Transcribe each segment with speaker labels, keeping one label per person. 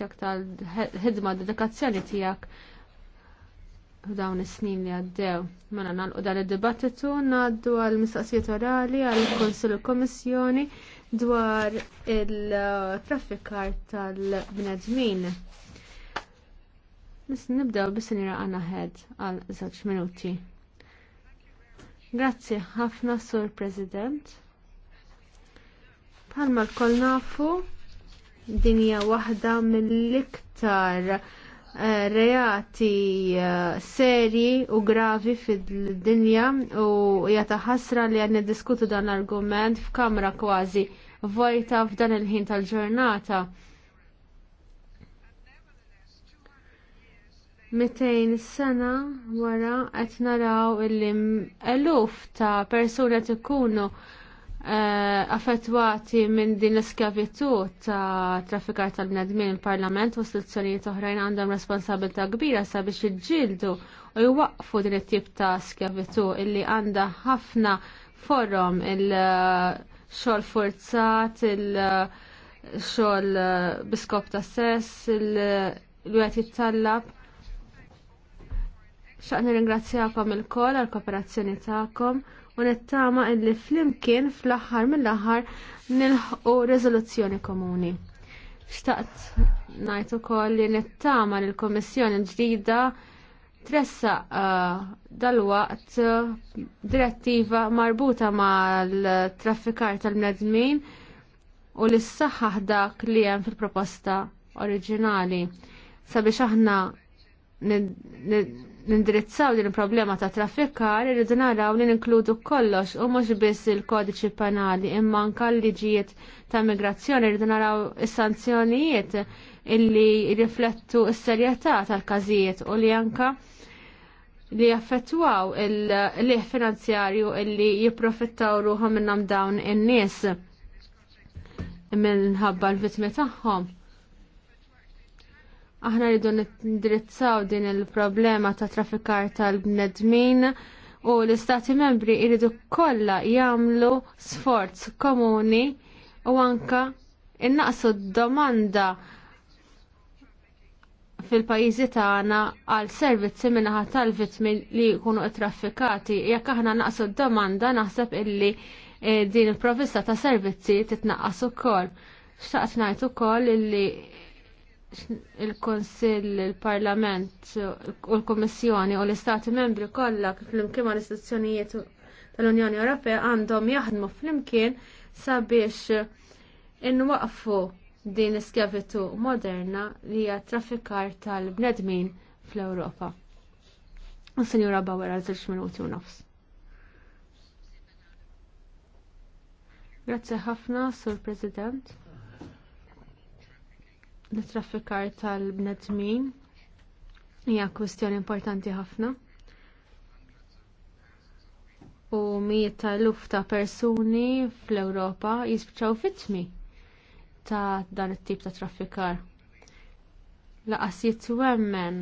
Speaker 1: tijak tal-ħidma dedikazzjoni tijak dawn is-snin li għaddew. Mela nagħlqu dan id-dibattitu ngħaddu għal mistaqsijiet orali għal konsil kommissjoni dwar il-traffikar tal-bnedmin. Nis nibdew bis nira għana ħed għal żewġ minuti. Grazzi ħafna Sur President. Palma l-kol nafu dinja waħda mill-iktar eh, reati eh, serji u gravi fid-dinja u jata ħasra li għadni diskutu dan l-argument f'kamra kważi vojta f'dan il-ħin tal-ġurnata. 200 sena wara qed naraw illi eluf ta' persuna qed ikunu Eh, affettwati minn din l iskavitu ta' traffikar tal-bnedmin il-parlament u istituzzjonijiet oħrajn għandhom responsabilta kbira sabiex iġġildu u jwaqfu din it-tip ta' skavitu illi għandha ħafna forum il-xol forzat, il-xol eh, biskop ta' sess, il-wet jittallab. Xaqni ringrazzjakom il-kol għal-kooperazzjoni ta'kom u nittama illi flimkien fl-aħħar mill-aħħar nilħu rezoluzzjoni komuni. Xtaqt ngħid ukoll li nittama li l-Kummissjoni ġdida tressa uh, dalwaqt uh, direttiva marbuta mal-traffikar tal medmin u li s dak li hemm fil-proposta oriġinali sabiex aħna nindirizzaw din il-problema ta' traffikar irridu naraw li ninkludu kollox u mhux biss il-kodiċi penali imma anke l-liġijiet ta' migrazzjoni irridu naraw is-sanzjonijiet illi riflettu s-serjetà tal-każijiet u li anka li jaffettwaw il-liħ finanzjarju illi jipprofittaw ruħom minnhom dawn in-nies minħabba l-vitmi tagħhom. Aħna rridu nindirizzaw din il-problema ta' traffikar tal-bnedmin u l-Istati membri rridu kollha jagħmlu sforz komuni u anka innaqsu d-domanda fil-pajjiżi tagħna għal servizzi minnaħa tal-vittmi li jkunu traffikati jekk aħna naqsu d-domanda naħseb illi eh, din il-provista ta' servizzi titnaqqas ukoll. Xtaqt ngħid ukoll illi il-Konsill, il-Parlament u l komissjoni u l-Istati membri kollha kif flimkien mal istituzzjonijiet tal-Unjoni Ewropea għandhom jaħdmu flimkien sabiex inwaqfu din l-iskjavitu moderna li hija traffikar tal-bnedmin fl-Ewropa. Sinjura Bauer għal żewġ minuti u nofs. Grazie ħafna, Sur President l-traffikar tal-bnedmin hija kwestjoni importanti ħafna. U mijiet ta' luf ta' persuni fl-Ewropa jisbċaw fitmi ta' dan it-tip ta' traffikar. Laqas jitwemmen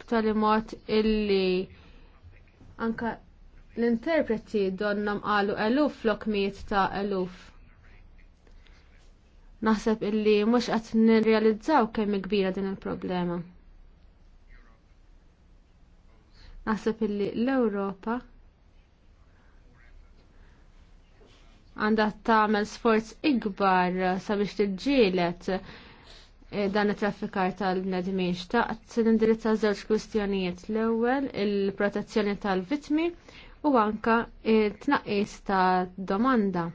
Speaker 1: b'tali mod illi anka l-interpreti donnam qalu eluf flok miet ta' eluf Naħseb illi mhux qed nirrealizzaw kemm kbira din il-problema. Naħseb illi l-Ewropa għandha tagħmel sforz ikbar sabiex tiġġielet eh, dan it-traffikar tal-bnedmin xtaqt nindirizza żewġ kwistjonijiet l-ewwel il-protezzjoni tal-vittmi u anka t tnaqqis ta' domanda.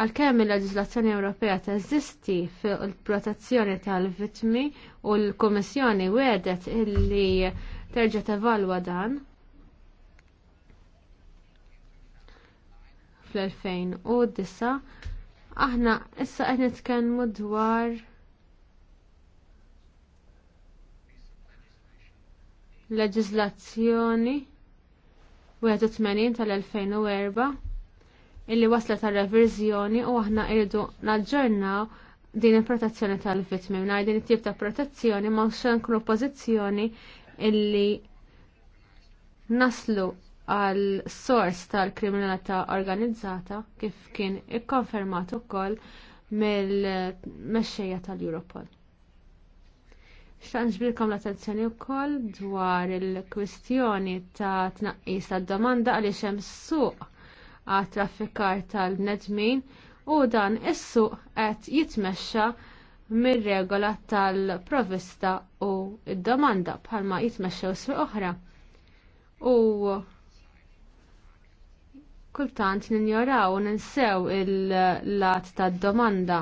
Speaker 1: Għalkemm il-leġislazzjoni Ewropea teżisti fil-protezzjoni tal-vittmi u l-Kummissjoni wedet illi terġa' tevalwa dan fl-2009 aħna issa qed nitkellmu dwar leġislazzjoni 81 tal-2004 illi waslet għal reviżjoni u aħna irridu naġġornaw din il-protezzjoni tal-vittmi. Mingħajr din it-tip ta' protezzjoni ma xankru pozizjoni illi naslu għal sors tal-kriminalità organizzata kif kien ikkonfermat ukoll mill-mexxejja tal-Europol. Xtaqn l-attenzjoni wkoll dwar il-kwistjoni ta' tnaqqis tad domanda għaliex hemm suq għat traffikar tal nedmin u dan is-suq qed jitmexxa mir-regola tal-provista u d-domanda bħalma jitmexxew sfiq oħra. U kultant ninjoraw ninsew il-lat tad-domanda.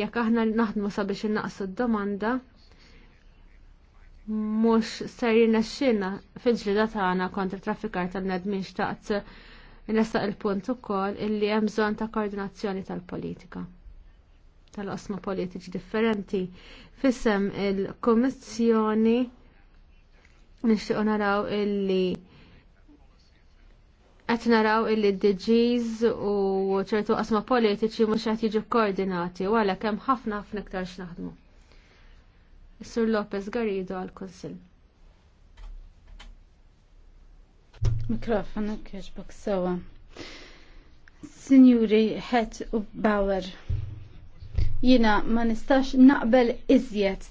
Speaker 1: Jekk aħna naħdmu sabiex innaqsu d-domanda, mhux ser jirnexxina fil-ġlida tagħna kontra traffikar tal-nedmin xtaqt Nessaq il-punt ukoll illi hemm bżonn ta' koordinazzjoni tal-politika tal-qosma politiċi differenti. Fissem il kummissjoni nixtiequ naraw illi qed naraw illi DGs u ċertu qasma politiċi mhux qed jiġu koordinati u għalhekk hemm ħafna ħafna iktar x'naħdmu. Sur Lopez Garrido għall kunsill
Speaker 2: Mikrofonu kieġbok sawa. Signori Het u Bauer, jina ma nistax naqbel iżjed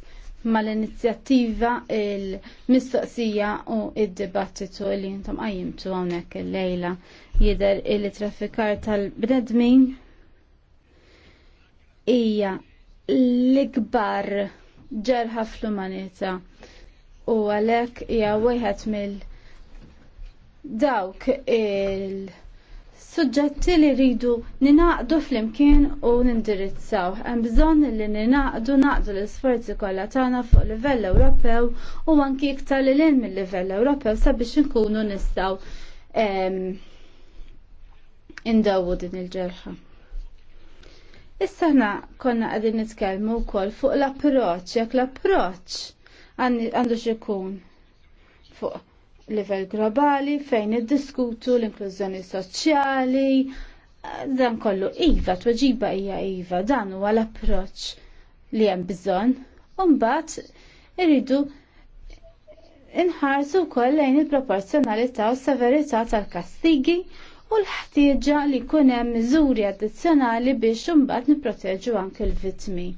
Speaker 2: ma l-inizjattiva il-mistoqsija u id-dibattitu li jintom għajimtu għonek il-lejla jider il-traffikar tal-bnedmin ija l-ikbar ġerħa fl-umanita u għalek hija wieħed mill- dawk il- suġġetti li rridu ninaqdu fl-imkien u nindirizzaw. Hemm bżonn li ninaqdu naqdu l-isforzi kollha tagħna fuq livell Ewropew u anki iktar li lin mill-livell Ewropew sabiex inkunu nistgħu indawwu din il-ġerħa. Issa ħna konna qegħdin nitkellmu wkoll fuq l-approċċ, jekk l-approċċ għandu x'ikun fuq livell globali fejn iddiskutu l-inklużjoni soċjali, dan kollu iva, tweġiba hija iva, dan huwa l-approċċ li hemm bżonn. Mbagħad irridu inħarsu wkoll lejn il-proporzjonalità u s-severità tal-kastigi u l-ħtieġa li jkun hemm miżuri addizzjonali biex imbagħad nipproteġu anke l-vittmi.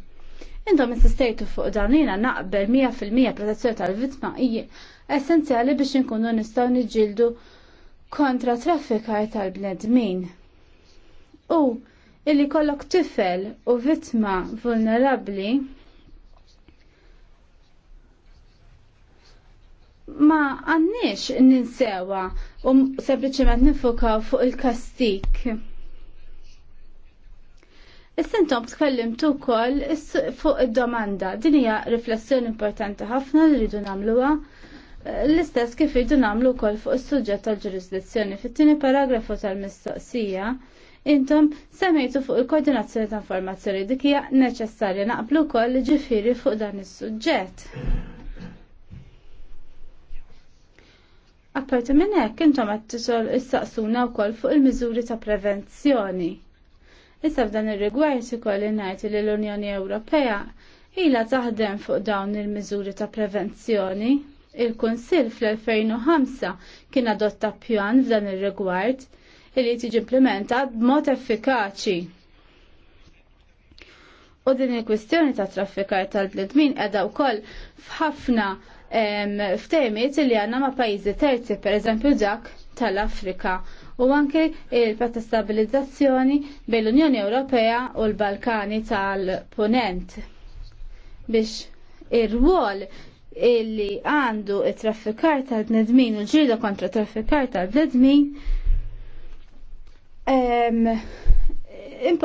Speaker 2: Intom insistejtu fuq dan jiena naqbel 100% protezzjoni tal-vittma hija essenzjali biex inkunu nistgħu niġildu kontra traffikar tal-bnedmin. U illi kollok tifel u vittma vulnerabbli ma għannix ninsewa u um sempliciment fuq il-kastik. Is-sintom tkellimtu wkoll fuq id-domanda. Din hija riflessjoni importanti ħafna li rridu nagħmluha L-istess kif irdu nagħmlu wkoll fuq is-suġġett tal-ġurisdizzjoni fit-tieni paragrafu tal-mistoqsija intom semmejtu fuq il-koordinazzjoni ta' informazzjoni dik hija neċessarja naqblu wkoll ġifieri fuq dan is-suġġett. Apparti minn hekk intom qed tisol issaqsuna wkoll fuq il-miżuri ta' prevenzjoni. Issa f'dan ir-rigward ikolli ngħid li l-Unjoni Ewropea ilha taħdem fuq dawn il-miżuri ta' prevenzjoni Il-Kunsill fl-2005 kien adotta pjan f'dan ir-rigward li tiġi implementat b'mod effikaċi. U din il-kwistjoni ta' traffikar tal bledmin edha wkoll f'ħafna f'temiet li għanna ma' pajjiżi terzi, per eżempju dak tal-Afrika u anke il-patta stabilizzazzjoni bejn l-Unjoni Ewropea u l-Balkani tal-Ponent biex ir-rwol illi għandu it-traffikar tal-bnedmin u ġrida kontra traffikar tal-bnedmin għan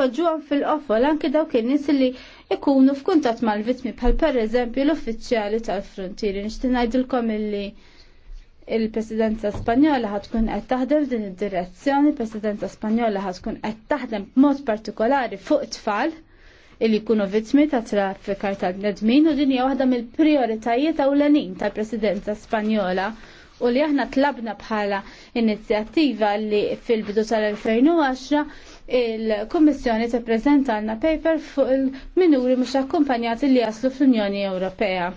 Speaker 2: fil-qofol anke daw kien nis li ikunu f'kuntat mal-vittmi bħal pereżempju l-uffiċjali tal-frontieri. nishti ngħidilkom illi il-Presidenza Spanjola kun qed taħdem din id-direzzjoni, il-Presidenza Spanjola kun qed taħdem b'mod partikolari fuq tfal illi jkunu vittmi ta' traffikar ta' bnedmin u dinja waħda mill-prioritajiet ewlenin tal-Presidenza Spanjola u li aħna tlabna bħala inizjattiva li fil-bidu tal-2010 il-Kommissjoni tippreżentalna paper fuq il-minuri mhux akkumpanjati li jaslu fl-Unjoni Ewropea.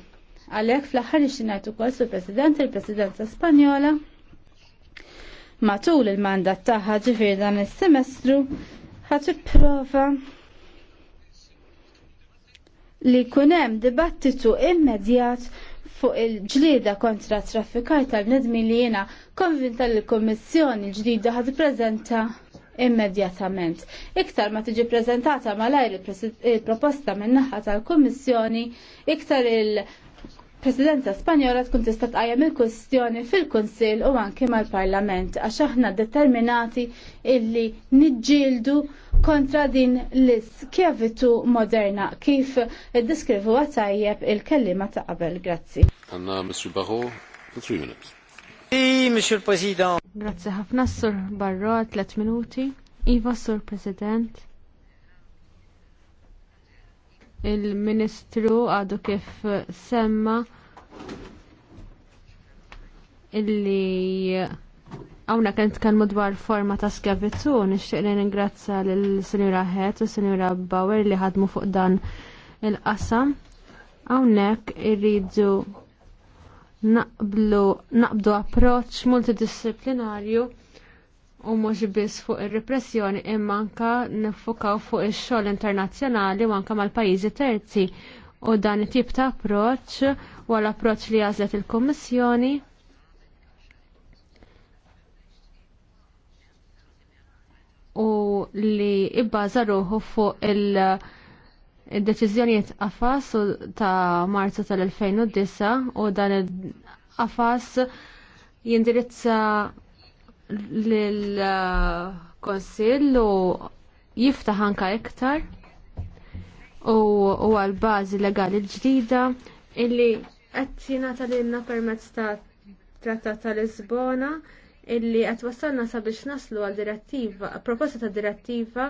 Speaker 2: Għalhekk fl-aħħar nixtinajt ukoll sul-President il-Presidenza Spanjola matul il-mandat tagħha ġifir dan is-semestru ħat prova li kunem dibattitu immedjat fuq il-ġlida kontra traffikaj tal-nedmi li jena konvinta li l-Kommissjoni ġdida ħad prezenta immedjatament. Iktar ma tiġi prezentata malajr il-proposta minnaħa tal-Kommissjoni, iktar il- Presidenza Spanjola tkun tista' tqajjem il-kwestjoni fil-Kunsill u anke mal-Parlament għax aħna determinati illi niġġieldu kontra din l-iskjavitu moderna kif iddiskrivu għatajjeb il-kellima ta' qabel.
Speaker 1: Grazzi.
Speaker 3: Għanna Mr. Barro, three minutes. I, Mr. President.
Speaker 1: Grazzi ħafna, Sur Barro, 3 minuti. Iva, Sur President il-Ministru għadu kif semma illi għawna kent kan dwar forma ta' skavitu, nixtieq li ningrazzja lill-Sinjura Het u Sinjura Bauer li ħadmu fuq dan il-qasam. Hawnhekk irridu naqblu naqbdu approċċ multidisciplinarju u mhux biss fuq ir-repressjoni imma anke nifukaw fuq ix-xogħol internazzjonali u anka mal-pajjiżi terzi u dan it-tip ta' approċċ u l-approċċ li għażlet il-Kummissjoni u li ibbaża ruħu fuq il- id-deċiżjonijiet qafas ta' Marzu tal-2009 u dan il-qafas jindirizza l-konsillu jiftaħ anka iktar u għal bażi legali ġdida illi qed jingħata lilna permezz ta' Trattat ta' Lisbona illi qed wassalna sabiex naslu għal direttiva, proposta ta' direttiva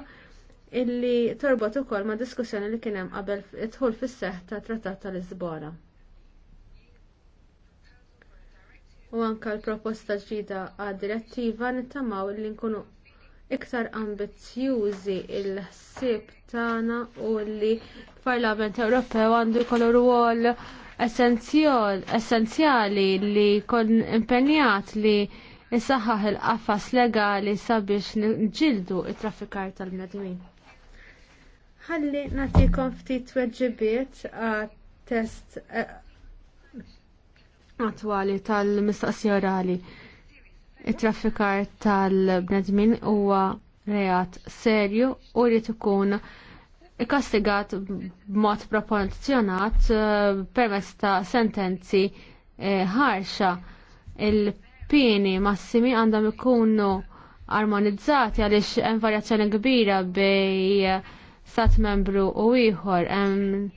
Speaker 1: illi torbot ukoll ma' diskussjoni li kien hemm qabel idħul fis-seħħ ta' Trattat ta' Lisbona. u anke l-proposta ġdida għad direttiva nittamaw li nkunu iktar ambizzjużi l ħsieb tagħna u li l-Parlament Ewropew għandu jkollu rwol essenzjali li jkun impenjat li jisaħħaħ il-qafas legali sabiex nġildu t traffikar tal-medmin. Ħalli nagħtikom ftit weġibiet għat test eh, attwali tal-mistaqsija orali. It-traffikar tal-bnedmin huwa reat serju u jrid ikun ikastigat b'mod proporzjonat eh, permezz ta' sentenzi eh, ħarxa. Il-pieni massimi għandhom ikunu armonizzati għaliex hemm varjazzjoni kbira bej stat membru u ieħor hemm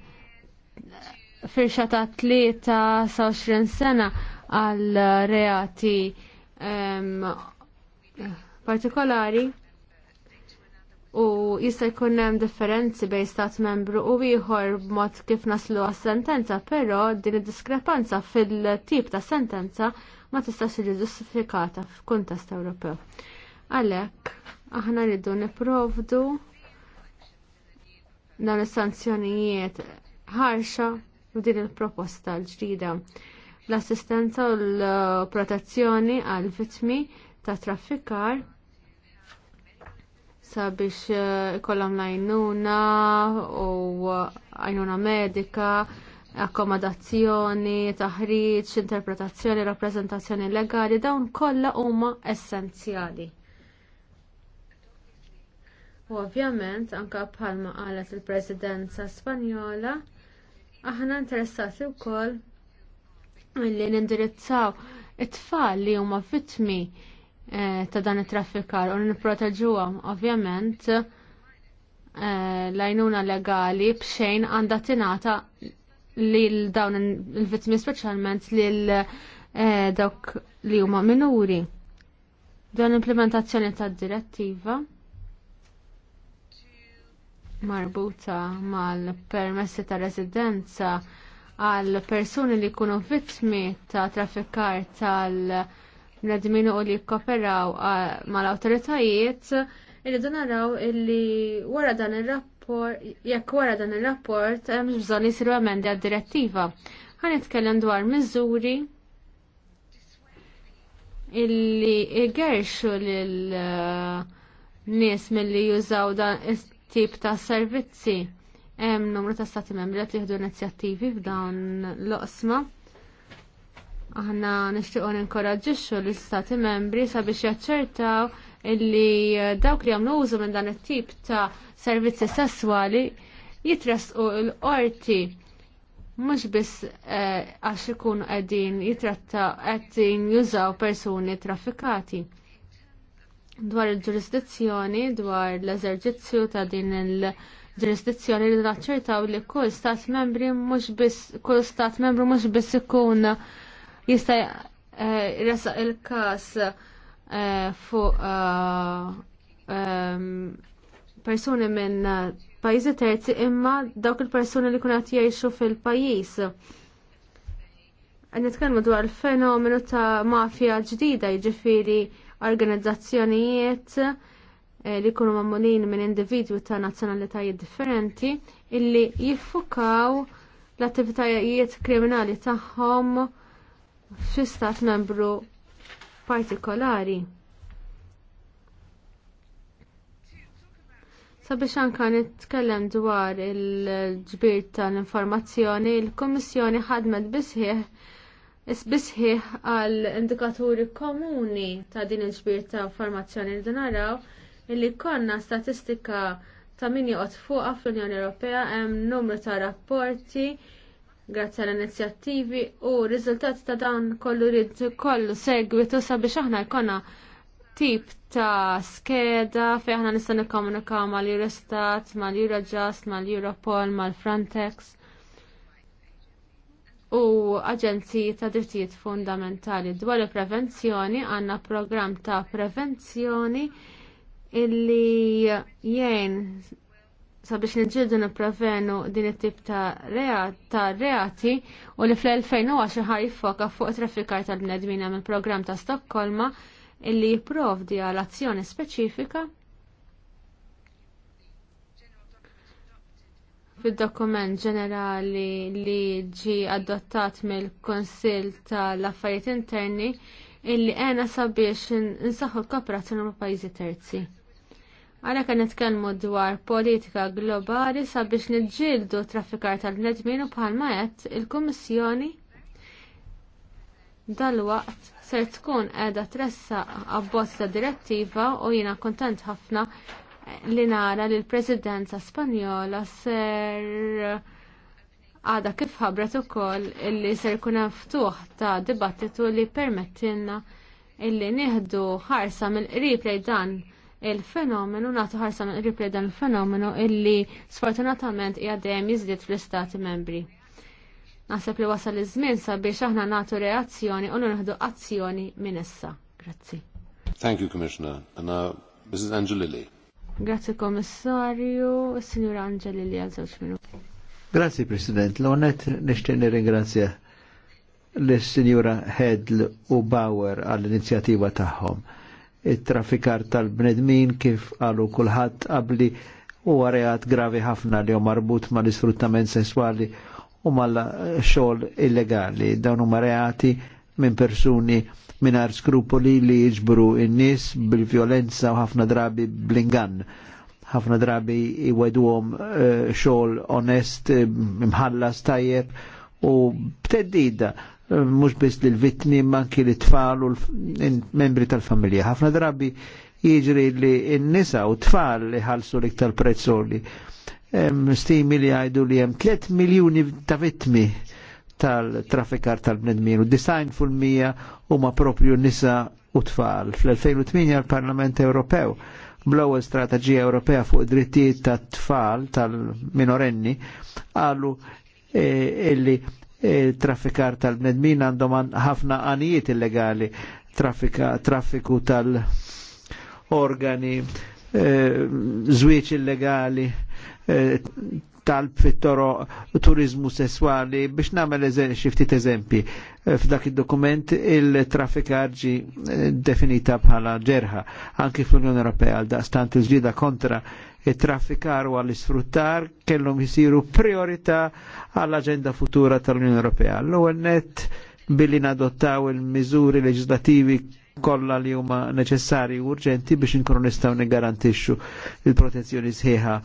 Speaker 1: firxa ta' tlieta sa' 20 sena għal reati um, partikolari u jista' jkun hemm differenzi bejn stat membru u ieħor b'mod kif naslu għas-sentenza, però din id-diskrepanza fil-tip ta' sentenza ma tistax iġi ġustifikata f'kuntest Ewropew. Għalhekk aħna rridu nipprovdu dan is-sanzjonijiet ħarxa u din il-proposta l-ġdida. L-assistenza u l-protezzjoni għal vittmi ta' traffikar sabiex eh, kollom lajnuna u għajnuna medika, akkomodazzjoni, taħriġ, interpretazzjoni, rappresentazzjoni legali, dawn kollha huma essenzjali. U ovvjament anke bħalma qalet il-Presidenza Spanjola Aħna interessati wkoll li nindirizzaw it-tfal li huma vittmi eh, ta' dan it-traffikar u nipproteġuhom ovvjament eh, l-għajnuna legali bxejn għandha tingħata lil dawn il-vittmi speċjalment lil eh, dawk li huma minuri. Dan implementazzjoni tad direttiva marbuta mal-permessi ta' residenza għal persuni li jkunu vittmi ta' traffikar tal-nedmin u li jikkoperaw mal-autoritajiet irridu naraw illi wara dan ir-rapport jekk wara dan ir-rapport hemm bżonn isiru emendi għad-direttiva. Ħan nitkellem dwar miżuri illi igerxu lil eh, nies milli jużaw dan tip ta' servizzi. Hemm numru ta' stati membri qed jieħdu inizjattivi f'dawn l-oqsma. Aħna nixtiequ ninkoraġġixxu l-istati membri sabiex jaċċertaw illi dawk li jagħmlu użu minn dan it-tip ta' servizzi sesswali jitrasqu l-qorti mhux biss eh, għax ikunu qegħdin jitratta qegħdin jużaw persuni traffikati dwar il-ġurisdizzjoni, dwar l-eżerġizzju ta' din il-ġurisdizzjoni li naċċertaw li kull stat membri mhux biss kull stat membru mhux biss ikun jista' jresa il-każ eh, fuq eh, persuni minn pajjiżi terzi imma dawk il-persuni li qed jgħixu fil-pajjiż. Nitkellmu dwar il fenomenu ta' mafja ġdida jiġifieri organizzazzjonijiet eh, li jkunu mamulin minn individwi ta' nazzjonalitajiet differenti illi jiffukaw l-attivitajiet kriminali tagħhom fi stat membru partikolari. Sabiex anka nitkellem dwar il-ġbir tal-informazzjoni, il-Kommissjoni ħadmet bisħieħ isbisħiħ għal indikaturi komuni ta' din il-ġbir ta' formazzjoni li naraw illi konna statistika ta' min joqgħod fuqha fl-Unjoni Ewropea hemm numru ta' rapporti grazzi għal inizjattivi u riżultati ta' dan kollu rid kollu segwitu sabiex aħna jkollna tip ta' skeda fejn aħna nista' nikkomunikaw mal-Eurostat, mal-Eurojust, mal-Europol, mal-Frontex u aġenziji ta' drittijiet fundamentali dwar il-prevenzjoni għandna programm ta' prevenzjoni illi jgħin sabiex nġildu niprevenu din it-tip ta' reati u li fl-2010 ħar jiffoka fuq traffikar tal-bnedmin hemm il-programm ta' Stokkolma illi jipprovdi għal azzjoni speċifika Fid-dokument ġenerali li ġie adottat mill-Konsil tal-Affarijiet Interni illi għena sabiex nsaħħu l-kooperazzjoni ma' pajjiżi terzi. Għalhekk qed nitkellmu dwar politika globali sabiex niġġieldu traffikar tal-bnedmin u bħalma qed il-Kummissjoni dalwaqt ser tkun qiegħda tressaq abbozz ta' direttiva u jiena kuntent ħafna li nara li l-presidenza spanjola ser għada kif ħabret ukoll illi ser kun ftuħ ta' dibattitu li permettilna illi nieħdu ħarsa mill-qrib dan il-fenomenu, nagħtu ħarsa mill-qrib dan il-fenomenu illi sfortunatament hija dejjem jiżdied fl-istati membri. Naħseb li wasal iż-żmien sabiex aħna nagħtu reazzjoni u nieħdu azzjoni minn issa. Grazzi.
Speaker 3: Thank you, Commissioner. And now, Mrs. Angelilli.
Speaker 1: Grazie Kommissarju, Signor Angeli li għal żewġ
Speaker 3: Grazie President, l-onet nishtieni ringrazzja l-Signora Hedl u Bauer għall-inizjattiva tagħhom. It-traffikar tal-bnedmin kif għalu kulħadd qabli u għarejat gravi ħafna li marbut ma l-isfruttament sessuali u mal xogħol illegali. Dawn huma reati minn persuni minar skrupoli li jiġbru in-nies bil-violenza u ħafna drabi bl ingan ħafna drabi jwedwhom uh, eh, xogħol onest, eh, mħallas tajjeb u b'teddida eh, mhux biss l-vitni manki li tfal u l membri tal-familja. ħafna drabi jiġri li n-nisa u tfal li ħalsu li iktar prezzoli. Stimi li għajdu li hemm 3 miljuni ta' vittmi tal-traffikar tal-bnedmin u design fil huma propju nisa u tfal. Fl-2008 l-Parlament Ewropew bl-ewwel Ewropea fuq drittijiet tat-tfal tal-minorenni qalu e, illi trafikar e, traffikar tal-bnedmin għandhom ħafna għanijiet illegali traffiku tal-organi, zwieċ e, illegali, talb fit-toro turizmu sessuali biex namel ftit eżempi. Eh, f'dak il-dokument il-traffikarġi eh, definita bħala ġerħa, anki fl-Unjoni Ewropea għal daqstant il ġida kontra il-traffikar u għall-isfruttar kellhom jisiru priorità għall-agenda futura tal-Unjoni Ewropea. L-ewwel billi nadottaw il mizuri leġislativi kollha li huma neċessari u urġenti biex inkunu nistgħu niggarantixxu il-protezzjoni sħiħa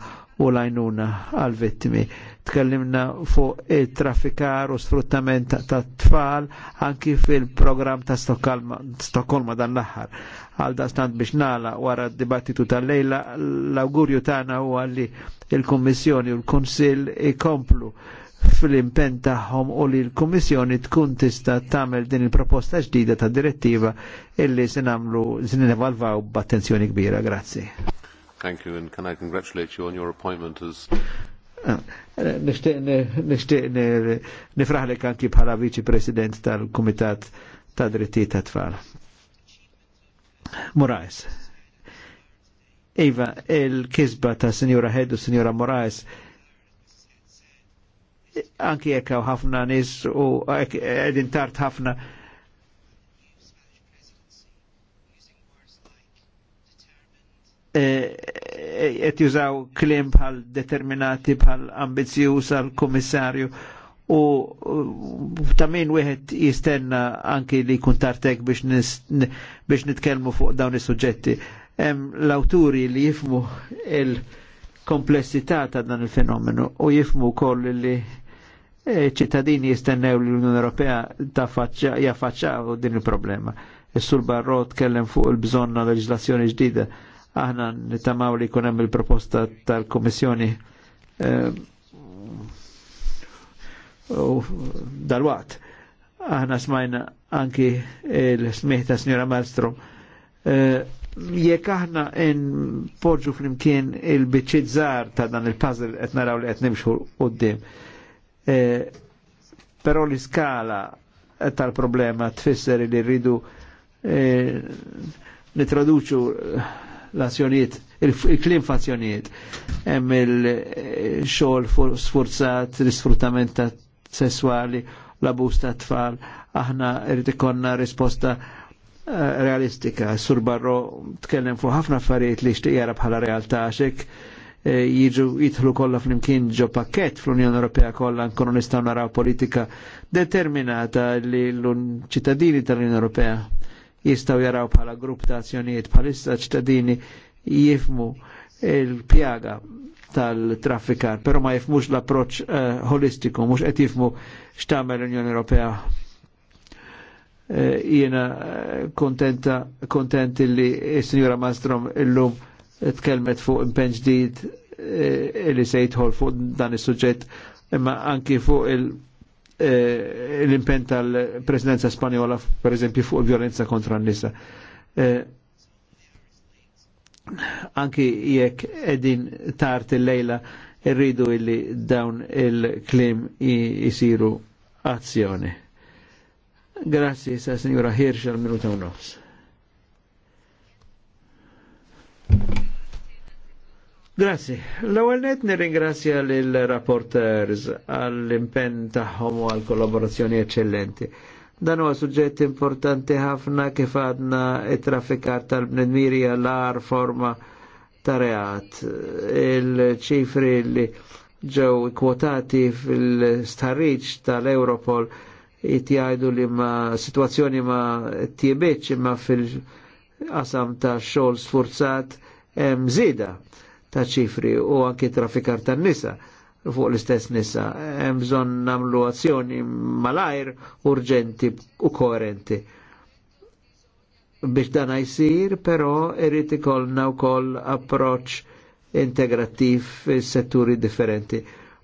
Speaker 3: u lajnuna għal vittimi. Tkellimna fuq il-traffikar u sfruttament ta' tfal anki fil-program ta' Stokkolma dan l-aħħar. Għal dastant biex nala wara d-dibattitu tal-lejla, l-augurju tagħna huwa li il-Kummissjoni u l-Kunsill ikomplu fil-impen tagħhom u li l-Kummissjoni tkun tista' tagħmel din il-proposta ġdida ta' direttiva illi se nagħmlu se b'attenzjoni kbira. Grazzi. Thank you and can I congratulate you on your appointment as ah, eh, Nishtiq nifraħlek anki bħala viċi president tal-Kumitat ta' dritti ta' tfal. Morais. Iva, il-kisba ta' Sinjura Hedu, Sinjura Moraes, anki jekk hawn ħafna nies u qegħdin tard ħafna. E, e, qed jużaw klim bħal determinati bħal ambizzjuż għal kummissarju u tamin wieħed jistenna anki li jkun tartek biex, biex nitkellmu fuq dawn is-suġġetti. Hemm l-awturi li jifmu il-komplessità ta' dan il-fenomenu u jifmu koll li E ċittadini jistennew l-Unjoni Ewropea jaffaċċaw din il-problema. is e sul Barrot kellem fuq il-bżonna leġislazzjoni ġdida. Aħna nitamaw li jkun hemm il-proposta tal-Kummissjoni e, dal-waqt. Aħna smajna anki il-smieħ ta' Signora Malmstrom. Jekk aħna poġġu flimkien il-biċċizzar ta' dan il-puzzle qed naraw li qed nimxu quddiem. E, però l-iskala tal-problema tfisser li rridu e, eh, nitraduċu l-azzjoniet, il-klim fazzjoniet, hemm il eh, xol sfurzat, l-isfruttament sessuali, l-abus ta' tfal, aħna rrid ikonna risposta eh, realistika. Sur Barro tkellem fuq ħafna affarijiet li xtiqjara bħala realtà xek Eh, jiġu jitħlu kollha flimkien ġo pakket fl-Unjoni Ewropea kollha nkunu nistgħu naraw politika determinata li l-ċittadini tal-Unjoni Ewropea jistgħu jaraw bħala grupp ta' azzjonijiet bħalissa ċittadini jifmu il-pjaga tal-traffikar, pero ma jifmux l-approċ uh, eh, holistiku, mux qed jifmu x'tagħmel l-Unjoni Ewropea eh, jiena kontenta kontent li s-Sinjura Mastrom illum tkellmet fuq impenġ ġdid eh, li se jitħol fuq dan is-suġġett imma anki fuq il- eh, l-impen tal-presidenza spanjola, per eżempju, fuq violenza kontra n-nisa. Eh, anki jekk edin tart il-lejla irridu illi dawn il-klim jisiru azzjoni. Grazzi sa' signora Hirsch għal minuta u nofs. Grazie. L-ewwel net nirringrazzja l rapporters għall-impenn taħħom u għall-kollaborazzjoni eccellenti. Dan huwa suġġett importanti ħafna kif għadna it-traffikar tal-bnedmiri għall-ar forma ta' reat. Il-ċifri li ġew kwotati fil-starriċ tal-Europol jitjajdu li ma situazzjoni ma tjibieċ imma fil-qasam ta' xol sforzat zida ta' ċifri u anki trafikar ta' nisa fuq l-istess nisa. Hemm bżonn nagħmlu azzjoni malajr urġenti u koerenti. Biex dan jsir, però irrid ikollna wkoll approċċ integrattiv fis-setturi differenti.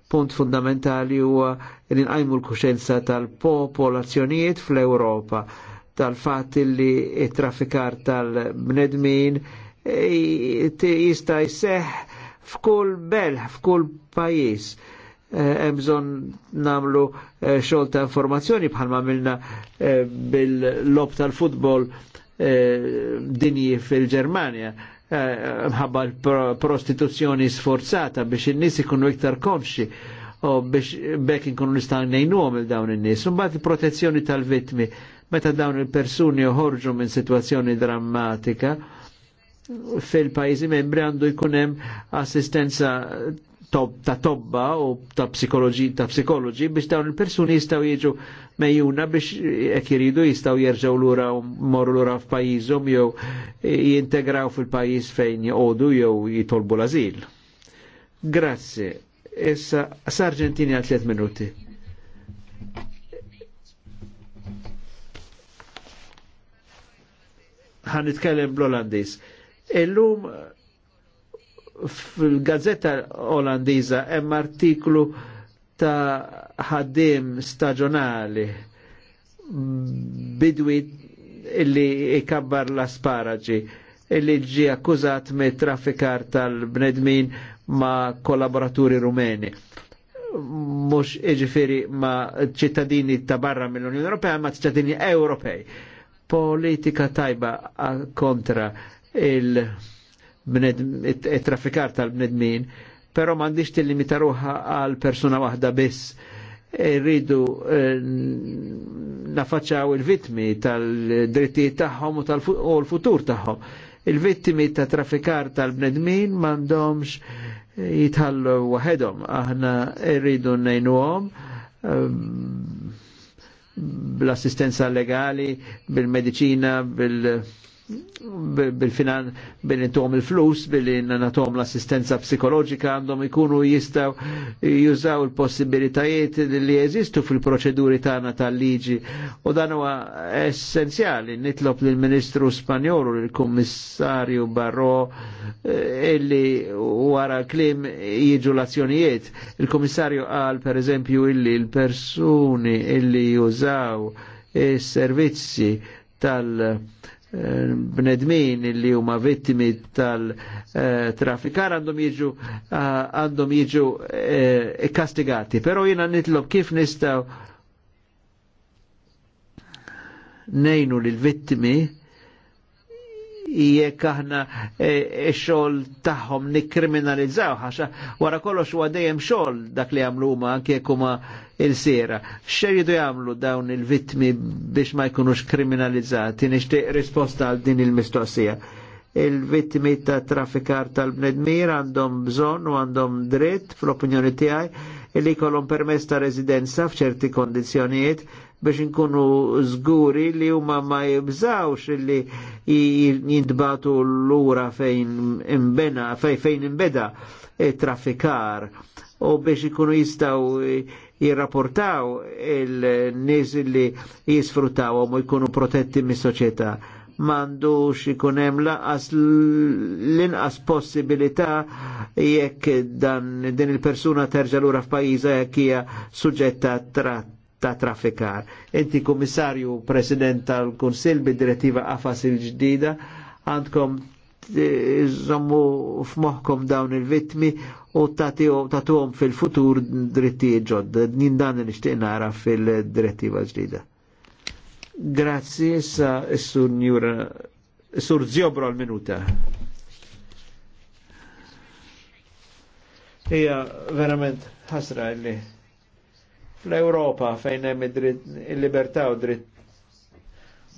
Speaker 3: Punt fundamentali huwa li nqajmu l-kuxenza tal-popolazzjonijiet fl-Ewropa tal-fatt li traffikar tal-bnedmin tal bnedmin jista' jseħ f'kull belħ, f'kull pajjiż. Eh, hemm bżonn nagħmlu eh, xogħol ta' informazzjoni bħalma milna eh, bil-lob tal-futbol dinji fil-Ġermanja mħabba l prostituzzjoni sforzata biex il-nis ikunu iktar konxi o biex bekk nkunu nistgħu ngħinuhom il dawn il-nis. nies Imbagħad protezzjoni tal vitmi meta dawn il-persuni uħorġu minn situazzjoni drammatika fil-pajzi membri għandu jkunem assistenza top, ta' tobba u ta' psikoloġi ta' psikoloġi biex dawn il-persuni jistaw jieġu mejjuna biex jek jiridu jistaw jerġaw lura u morru lura f'pajjiżhom jew jintegraw fil-pajjiż fejn jgħodu jew jitolbu l-azil. Grazzi. Issa Sargentini għal 3 minuti. ħanitkellem bl-Olandis. Illum fil-gazzetta olandiza hemm artiklu ta' ħaddim staġjonali bidwi illi ikabbar l asparagi illi ġi akkużat me traffikar tal-bnedmin ma' kollaboraturi rumeni. Mux iġifiri ma' ċittadini ta' barra mill-Unjoni Ewropea ma' ċittadini Ewropej. Politika tajba kontra il-traffikar tal-bnedmin, pero mandiġ tillimita ruħa għal persuna waħda biss. Irridu eh, nafaċaw il-vitmi tal-drittijiet tagħhom u tal futur tagħhom. Il-vittimi ta' traffikar tal-bnedmin mandomx jitħallu waħedhom. Aħna rridu għom eh, bl-assistenza legali, bil-medicina, bil-, -medicina, bil bil-finan billi tuħom il-flus, billi natuħom l-assistenza psikologika għandhom ikunu jistaw jużaw il-possibilitajiet li jeżistu fil-proċeduri tagħna tal-liġi u dan huwa essenzjali nitlob lil ministru Spanjolu l kummissarju Barro eh, illi wara klim jiġu l-azzjonijiet. il għal per eżempju illi l-persuni illi jużaw il servizzi tal- bnedmin li huma vittimi tal-trafikar għandhom jiġu għandhom jiġu e kastigati. Però jiena nitlob kif nistgħu nejnu lil vittimi jekk aħna e, e, xogħol tagħhom nikkriminalizzaw ħaxa wara kollox huwa dejjem xogħol dak li jagħmlu huma anke jekk huma l sera Xejridu jagħmlu dawn il-vittmi biex ma jkunux kriminalizzati, nixtieq risposta għal din il-mistoqsija. Il-vittmi ta' traffikar tal-bnedmir għandhom bżonn u għandhom dritt fl-opinjoni tiegħi li jkollhom permess ta' residenza f'ċerti kondizzjonijiet biex inkunu zguri li huma ma jibżawx li jintbatu l-ura fejn imbena, fej, fejn imbeda e traffikar u biex ikunu jistaw jirrapportaw il-nis li jisfruttaw u jkunu protetti mis soċjetà mandu ikun hemm laqas l-inqas possibilità jekk dan din il-persuna terġa' lura f'pajjiżha jekk hija suġġetta tratt ta' trafikar. Inti komissarju president tal konsil bid-direttiva AFAS il-ġdida għandkom zommu f'moħkom dawn il-vitmi u tatuhom fil-futur dritti ġod. Nin dan nixtieq nara fil-direttiva ġdida. Grazzi, sa' s-sur Njura, s-sur Zjobro għal-minuta. Ija, verament, ħasra li fl-Europa fejn hemm il-libertà u dritt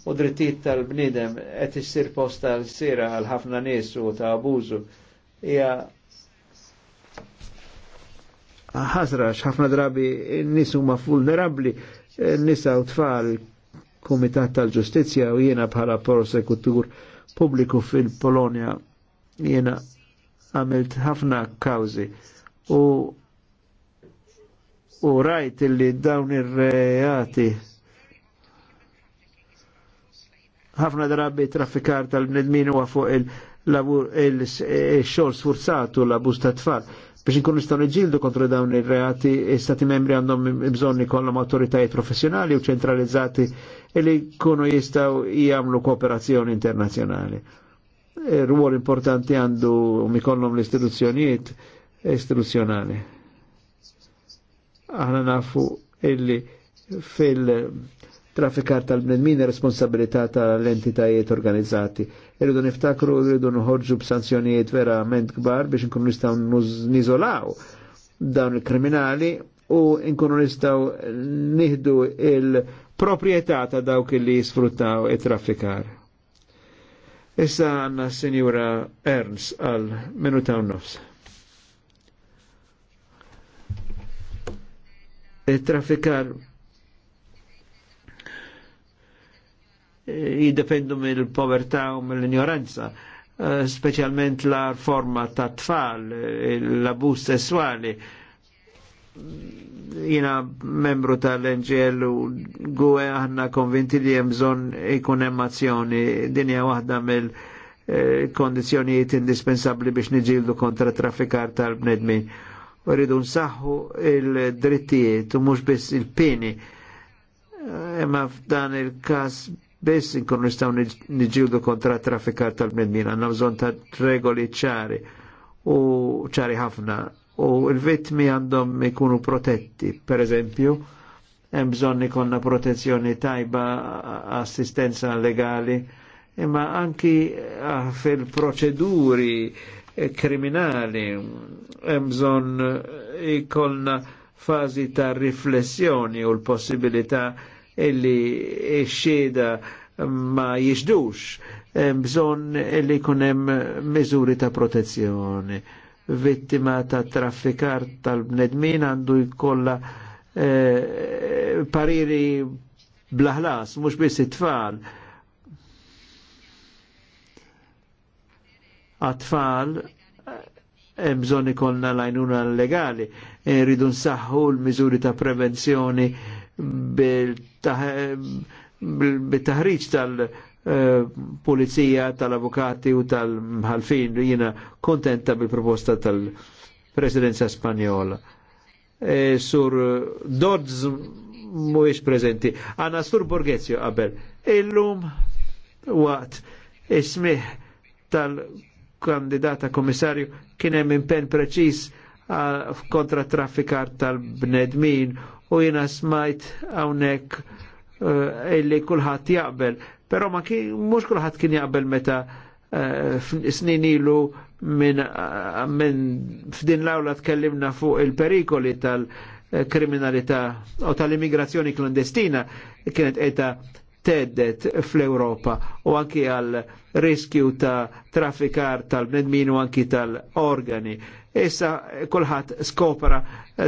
Speaker 3: u drittijiet tal-bnidem qed issir post tal-sira għal ħafna nies u ta' abużu hija ħażra ħafna drabi n-nies huma vulnerabbli nisa u tfal kumitat tal-ġustizzja u jiena bħala prosekutur pubbliku fil-Polonja jiena għamilt ħafna kawzi u u rajt illi dawn ir-reati ħafna drabi traffikar tal-bnedmin u fuq il-xogħol sfurzatu l-abuż ta' tfal. Biex nkunu nistgħu niġġieldu kontra dawn ir-reati, istati membri għandhom bżonn ikollhom awtoritajiet professjonali u ċentralizzati li jkunu jistgħu jagħmlu kooperazzjoni internazzjonali. E, Ruol importanti għandu mikollhom l-istituzzjonijiet istituzzjonali. Aħna nafu illi fil-trafikar tal-bnedmin responsabilità tal-entitajiet organizzati. Irridu niftakru, irridu nħorġu b'sanzjonijiet verament kbar biex nkunu nistaw nizolaw dawn il-kriminali u nkunu nistaw nihdu il-proprietà ta' dawk li jisfruttaw it trafikar Issa għanna Signora Ernst għal minuta u nofsa. traffikar e, jidependu mill-povertà u mill-ignoranza, e, specialment la forma ta' tfal, e, l-abus sessuali. Jina membru tal-NGL u għue għanna konvinti li jemżon ikun emazzjoni, dinja wahda mill- kondizjonijiet indispensabli biex niġildu kontra trafikar tal-bnedmin u rridu nsaħħu il-drittijiet u mhux biss il-pini. Imma f'dan il-każ biss inkunu nistgħu niġġieldu kontra traffikar tal-bnedmin, għandna bżonn ta' regoli ċari u ċari ħafna u l-vittmi għandhom ikunu protetti, per eżempju, hemm bżonn ikollna protezzjoni tajba, assistenza legali, imma anki fil-proċeduri uh, kriminali. Hemm bżonn fazi ta' riflessjoni u l-possibilità illi xieda ma jixdux. Hemm bżonn illi kunem hemm ta' protezzjoni. Vittima ta' traffikar tal-bnedmin għandu jkollha eh, pariri blaħlas, mhux biss it-tfal għatfall eh, bżon ikollna lajnuna legali, eh, rridu nsaħħu l-miżuri ta' prevenzjoni bil-taħriġ tal- eh, pulizija tal-avukati u tal-mħalfin jina kontenta bil-proposta tal-presidenza spanjola. E sur Dodds mhuwiex prezenti. Għana sur Borgezio, għabel, Illum waqt ismiħ tal kandidata komissarju kien hemm impenn preċiż kontra traffikar tal-bnedmin u jiena smajt hawnhekk eh, illi kulħadd jaqbel. Però ma kien mhux kulħadd kien jaqbel meta eh, snin ilu eh, minn f'din l-awla tkellimna fuq il-perikoli tal-kriminalità u tal-immigrazzjoni klandestina kienet qiegħda teddet fl ewropa u anki għal uh, riskju ta' trafikar tal-bnedmin u anki tal-organi. Issa kulħadd skopra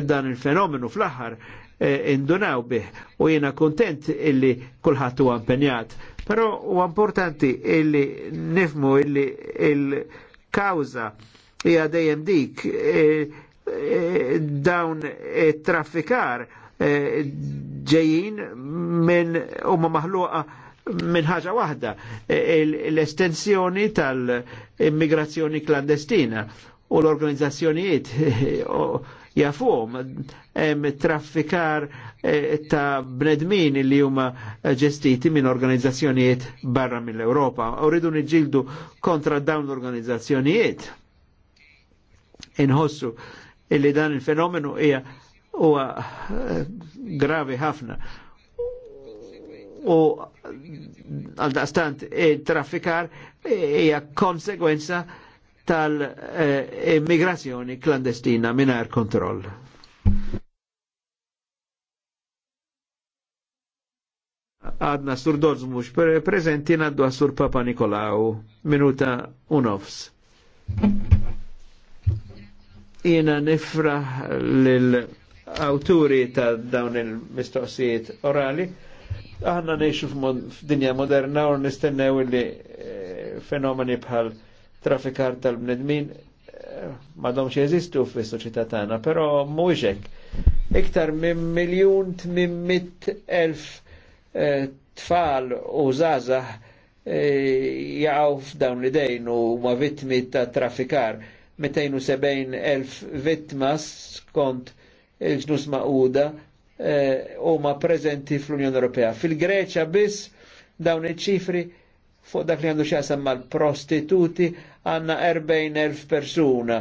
Speaker 3: dan il-fenomenu fl-aħħar e, indunaw bih u jiena kontent illi kulħadd huwa impenjat. Però huwa importanti illi nifmu illi il-kawża hija dejjem dik e, e, dawn it-traffikar e, ġejjin minn huma maħluqa minn ħaġa waħda, e, e, l-estensjoni tal-immigrazzjoni klandestina u l-organizzazzjonijiet e, jafum traffikar ta' bnedmin li huma ġestiti minn organizzazzjonijiet barra mill-Europa. U rridu niġildu kontra dawn l-organizzazzjonijiet. Inħossu illi dan il-fenomenu hija huwa eh, gravi ħafna. U għal daqstant e, traffikar e, hija konsekwenza tal immigrazjoni klandestina mingħajr kontroll. Għadna sur Dozmux, prezenti għaddu għasur Papa Nikolaw, minuta unofs. Jena nifraħ l-awturi ta' dawn il-mistoqsijiet orali Aħna nejxu f'dinja moderna u nistennew li eh, fenomeni bħal trafikar tal-bnedmin eh, madhom xie jeżistu fis-soċjetà tagħna, però mhuwiex hekk. Iktar minn miljun tmimmit elf eh, tfal u żgħażagħ jaqgħu f'dawn l-idejn u ma vittmi ta' trafikar. 270 elf vittma skont il-ġnus maquda Eh, huma prezenti fl-Unjoni Ewropea. Fil-Greċja biss dawn iċ-ċifri fuq dak li għandu xi xasam mal-prostituti għandna 40.000 persuna,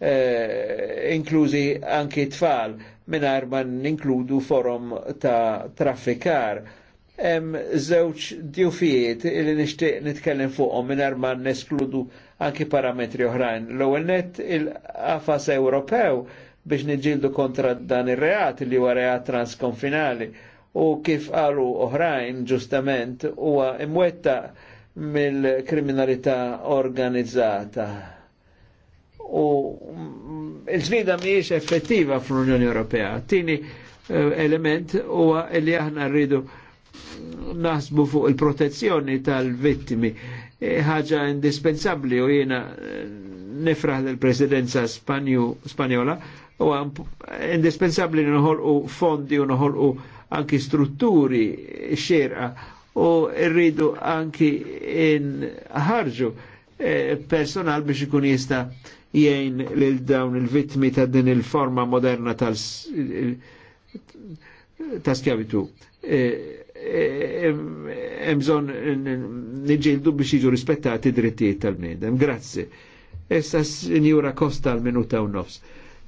Speaker 3: eh, inklużi anki tfal, mingħajr ma ninkludu forum ta' traffikar. Hemm żewġ djufijiet li nixtieq nitkellem fuqhom mingħajr ma neskludu anki parametri oħrajn. L-ewwel net il-qafas Ewropew biex nġildu kontra dan ir-reat li huwa reat transkonfinali u kif qalu oħrajn ġustament huwa imwetta mill-kriminalità organizzata. U il-ġlida mhijiex effettiva fl-Unjoni Ewropea. Tini eh, element huwa li aħna rridu naħsbu fuq il-protezzjoni tal-vittimi e, ħaġa indispensabli u jiena eh, nifraħ l-presidenza spanjola u indispensabli nħolqu fondi u nħolqu anki strutturi xerqa u rridu anki ħarġu eh, personal biex ikun jista jgħin lil dawn il-vittmi ta' din il-forma moderna ta' skjavitu. Hemm eh, nġildu biex jiġu rispettati drittijiet tal medem Grazzi. Issa signora Kosta l-minuta u nofs.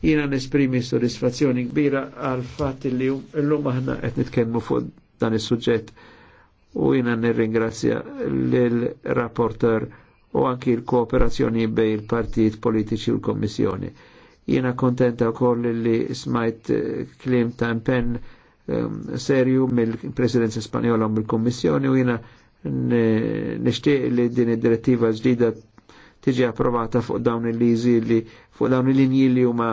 Speaker 3: Jina nesprimi soddisfazzjoni kbira għal fatt li l-lum aħna qed nitkellmu fuq dan is-suġġett u jina nirringrazzja l-rapporter u anki l-kooperazzjoni bej il-partijiet politiċi u l-Kommissjoni. Jina kontenta wkoll li smajt eh, klim ta' impenn ehm, serju mill-Presidenza Spanjola u mill-Kommissjoni u jina nishtiq li din id-direttiva ġdida tiġi approvata fuq dawn il-liżi li fuq dawn il-linji li huma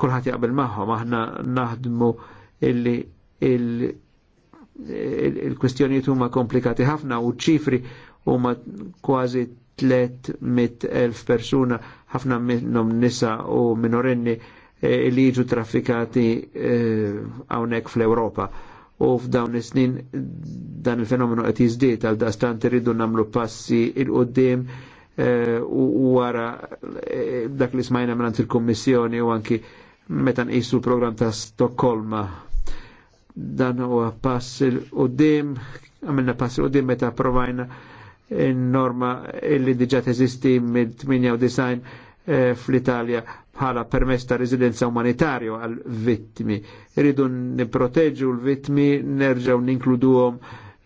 Speaker 3: kulħadd jaqbel magħhom aħna naħdmu illi il-kwistjonijiet huma komplikati ħafna u ċifri huma kważi 300.000 persuna ħafna minnhom nisa u minorenni eh, li jiġu traffikati eh, hawnhekk fl-Ewropa u f'dawn is-snin dan il-fenomenu qed jiżdied għal daqstant irridu nagħmlu passi il qudiem Eh, u wara eh, dak li smajna minn il-Kommissjoni u anki meta nqisu program ta' Stokkolma. Dan u pass il qoddim għamilna pass il-qudiem meta provajna norma illi diġat eżisti mid-98 eh, fl-Italja bħala permess ta' residenza umanitarju għal vittmi. Rridu niproteġu l-vittmi, nerġaw ninkluduhom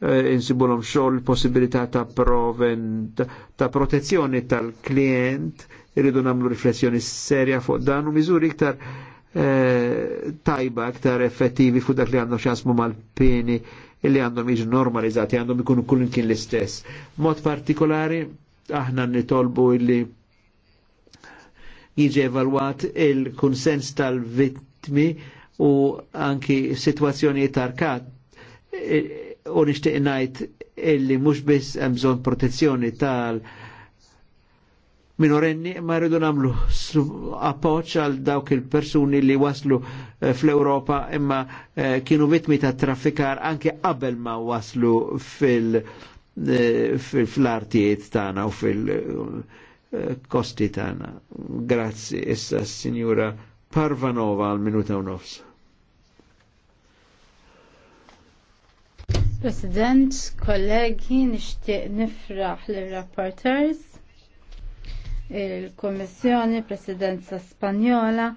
Speaker 3: Eh, insibulhom xogħol possibilità ta' proven ta' protezzjoni tal-klient, irridu nagħmlu riflessjoni serja fuq dan u miżuri iktar eh, tajba aktar effettivi fuq dak li għandhom xasmu mal-pini illi għandhom jiġu normalizzati, għandhom ikunu kullin kien l-istess. Mod partikolari, aħna nitolbu illi jiġi evalwat il-konsens tal-vittmi u anki situazzjoni tarkat e, u nishtiq najt illi mux biss emżon protezzjoni tal- minorenni ma rridu namlu appoċ għal dawk il-persuni li waslu eh, fl-Europa imma eh, kienu vitmi ta' traffikar anke qabel ma waslu fil- eh, fil-artijiet tana u fil-kosti tana. Grazzi, issa signora Parvanova għal minuta u nofsa.
Speaker 2: President, kollegi, nixtieq nifraħ l-rapporters, il komissjoni Presidenza Spanjola,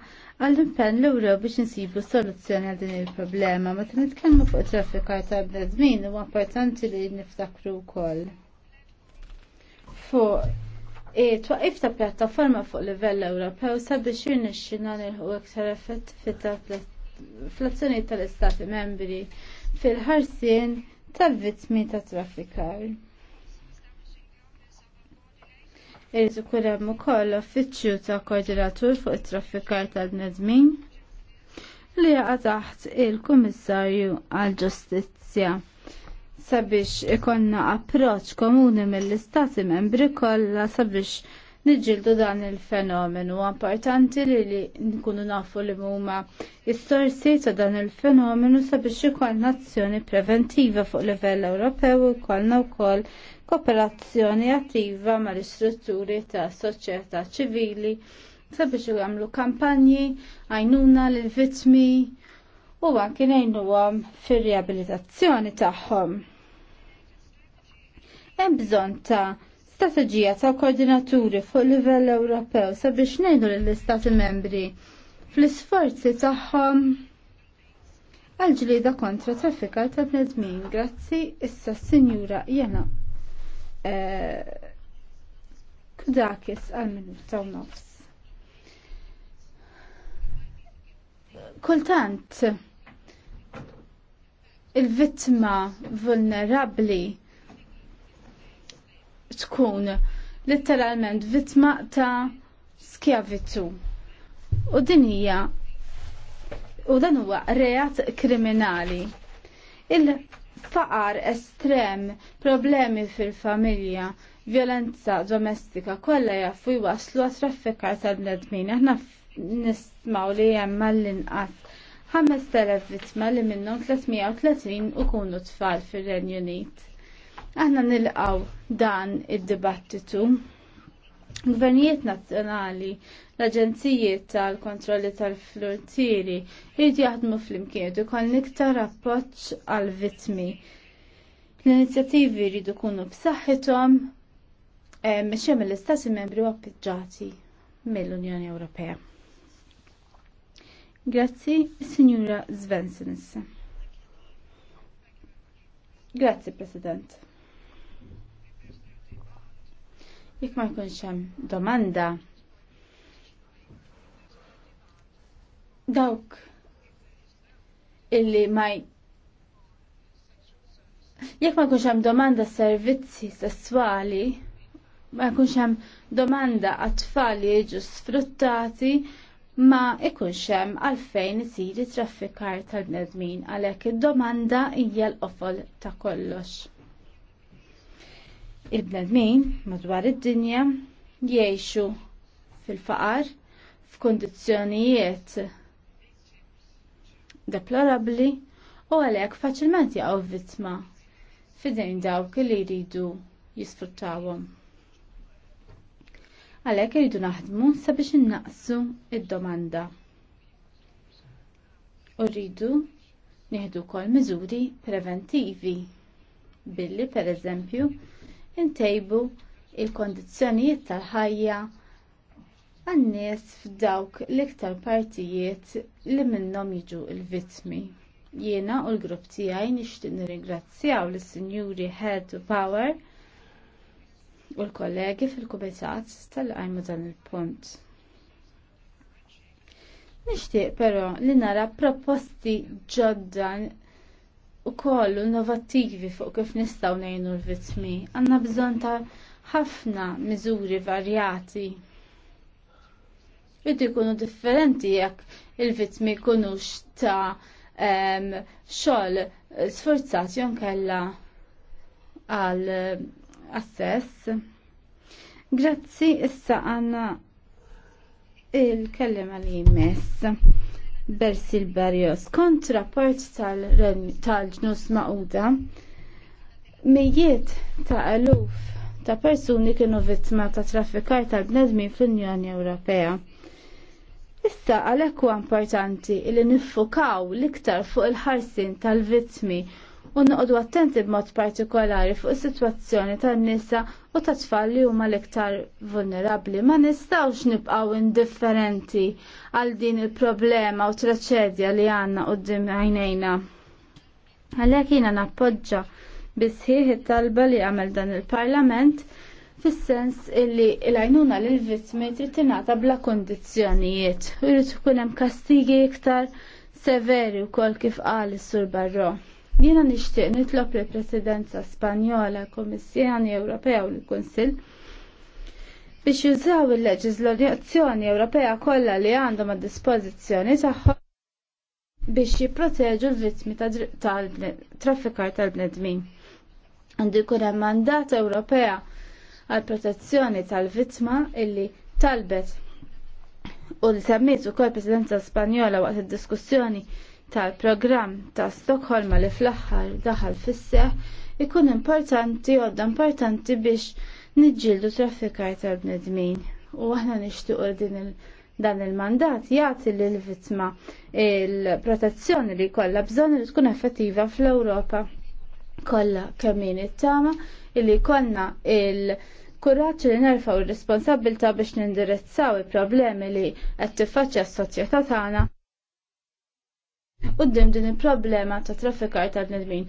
Speaker 2: għall-impenn l ura biex insibu soluzzjoni għal din il-problema. Meta nitkellmu fuq traffika ta' bnedmin huwa importanti li niftakru wkoll. Fuq twaqif ta' pjattaforma fuq livell Ewropew sabiex jirnexxina nilħu iktar effettività fl-azzjoni tal-Istati membri fil-ħarsien tal-vittmi ta' traffikar. Irridu ikun hemm ukoll uffiċċju ta' koordinatur fuq it-traffikar tal-bnedmin li jaqa' taħt il-Kummissarju għall-Ġustizzja sabiex ikonna approċċ komuni mill-Istati membri kollha sabiex niġġieldu dan il-fenomenu. Importanti li, li nkunu nafu li huma s-sorsi ta' dan il-fenomenu sabiex ikollna nazzjoni preventiva fuq livell Ewropew u jkollna wkoll kooperazzjoni attiva mal-istrutturi ta' soċjetà ċivili sabiex jagħmlu kampanji għajnuna lill vittmi u anke ngħinuhom fir-riabilitazzjoni tagħhom. Hemm bżonn ta' strategija ta' koordinaturi fuq livell Ewropew sabiex ngħidu lill-Istati membri fl-isforzi tagħhom għal-ġlieda kontra traffikar ta' bnedmin. Grazzi issa sinjura jena eh, kudakis għal-minuta u nofs. Kultant il-vittma vulnerabli tkun letteralment vittma ta' skjavitu. U din hija u dan huwa reat kriminali. Il-faqar estrem, problemi fil-familja, violenza domestika kollha jafu jwaslu għat tal-bnedmin. Aħna nismaw li hemm mal-inqas 5,000 vittma li minnhom 330 ukunu tfal fir-Renju Unit. Aħna nilqaw dan id-dibattitu. Gvernijiet nazzjonali, l-aġenzijiet tal-kontrolli tal flurtiri jridu jaħdmu fl-imkien jridu iktar approċċ għal vitmi. L-inizjattivi jridu jkunu b'saħħithom eh, mhix hemm l-istati membri appoġġjati mill-Unjoni Ewropea. Grazzi, Signora Svensens. Grazzi, President. Jekk ma jkunx hemm domanda dawk illi ma jekk ma jkunx hemm domanda servizzi sessuali ma jkunx hemm domanda għat-tfal jiġu sfruttati ma jkunx hemm għalfejn isir traffikar tal-bnedmin għalhekk id-domanda hija l-qofol ta' kollox. Il-bnedmin madwar id-dinja jgħixu fil-faqar f'kondizzjonijiet deplorabli u għalhekk faċilment jaqgħu vittma fidejn dawk li jridu jisfruttawhom. Għalhekk iridu naħdmu sabiex innaqsu id-domanda. U rridu nieħdu wkoll miżuri preventivi billi pereżempju intejbu il-kondizzjonijiet tal-ħajja għan-nies f'dawk l-iktar partijiet li minnhom jiġu l-vittmi. Jiena u l-grupp tiegħi nixtieq nirringrazzjaw lis-Sinjuri Head u Power u l-kollegi fil-kumitat tal-qajmu dan il-punt. Nixtieq però li nara proposti ġodda u koll innovattivi fuq kif nistaw nejnu l-vittmi. Għanna bżon ta' ħafna miżuri varjati. Jiddu jkunu differenti jekk il-vittmi jkunux ta' um, xol sforzat jonkella għal assess. Grazzi issa għanna il-kellima li jmess. Bersil Barrios kontra part tal-ġnus tal maquda mijiet ta' aluf ta' persuni kienu vittma ta' traffikar tal-bnedmin fl-Unjoni Ewropea. Issa għalhekk huwa importanti li niffukaw l-iktar fuq il-ħarsin tal-vittmi u noqdu attenti b'mod partikolari fuq is-sitwazzjoni tan-nisa u ta' tfal li huma l-iktar vulnerabbli. Ma nistgħux nibqgħu indifferenti għal din il-problema u traċedja li għandna quddiem għajnejna. Għalhekk jiena nappoġġa bisħieħ it-talba li għamel dan il-Parlament fis-sens illi l-għajnuna lil vittmi trid tingħata bla kondizzjonijiet u jrid ikun hemm kastigi iktar severi wkoll kif qal is-Sur Barro. Jiena nixtieq nitlob li presidenza Spanjola, Kummissjoni Ewropea u l-Kunsill biex jużaw il-leġiżlazzjoni Ewropea kollha li għandhom għad dispożizzjoni tagħhom biex jipproteġu l-vittmi tal-traffikar tal-bnedmin. Għandu jkun hemm mandat Ewropea għal protezzjoni tal-vittma illi talbet u li semmit ukoll Presidenza Spanjola waqt id-diskussjoni tal-programm ta' Stockholma li fl-aħħar daħal fis ikun importanti għodda importanti biex niġġieldu traffikar tal-bnedmin. U aħna nixtiequ din il- dan il-mandat jagħti lil vittma il-protezzjoni li kollha bżonn li tkun effettiva fl-Ewropa kollha kemm it-tama illi konna il- Kurraċ li nerfaw ir responsabilta biex nindirizzaw il-problemi li qed tiffaċċja s-soċjetà tagħna Uddim din il-problema ta' traffikar ta' nedmin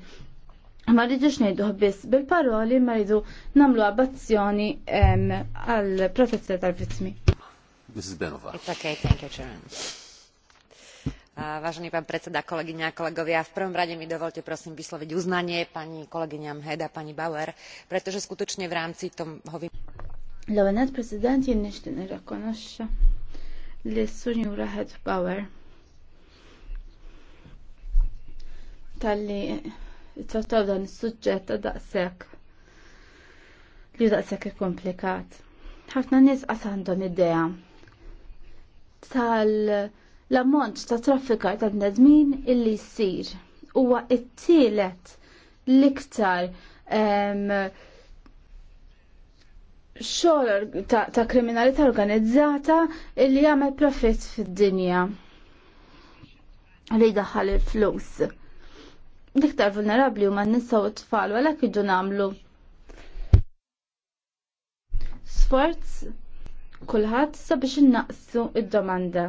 Speaker 2: Ma rridux ngħidu biss bil-paroli ma rridu nagħmlu abbazzjoni għal protezzjoni tal-vittmi.
Speaker 1: Mrs. Benova. It's okay, thank you, Chairman. Uh, vážený pán predseda, kolegyňa a kolegovia, v prvom rade mi dovolte prosím vysloviť uznanie pani kolegyňam Heda, pani Bauer, pretože skutočne v rámci toho... hovi...
Speaker 2: L-għanet president jinn nishtin irrakonoxxa l Bauer tal-li trattaw dan is-suġġett ta' daqshekk li daqshekk komplikat. Ħafna nies qas għandhom idea tal-ammont ta' traffikar ta' nedmin illi jsir huwa t-tielet l-iktar xogħol ta', ta kriminalità organizzata illi jagħmel profitt fid-dinja li daħal il-flus l-iktar vulnerabli huma n-nisa u t-tfal u għalhekk iġu nagħmlu sforz kulħadd sabiex innaqsu id-domanda.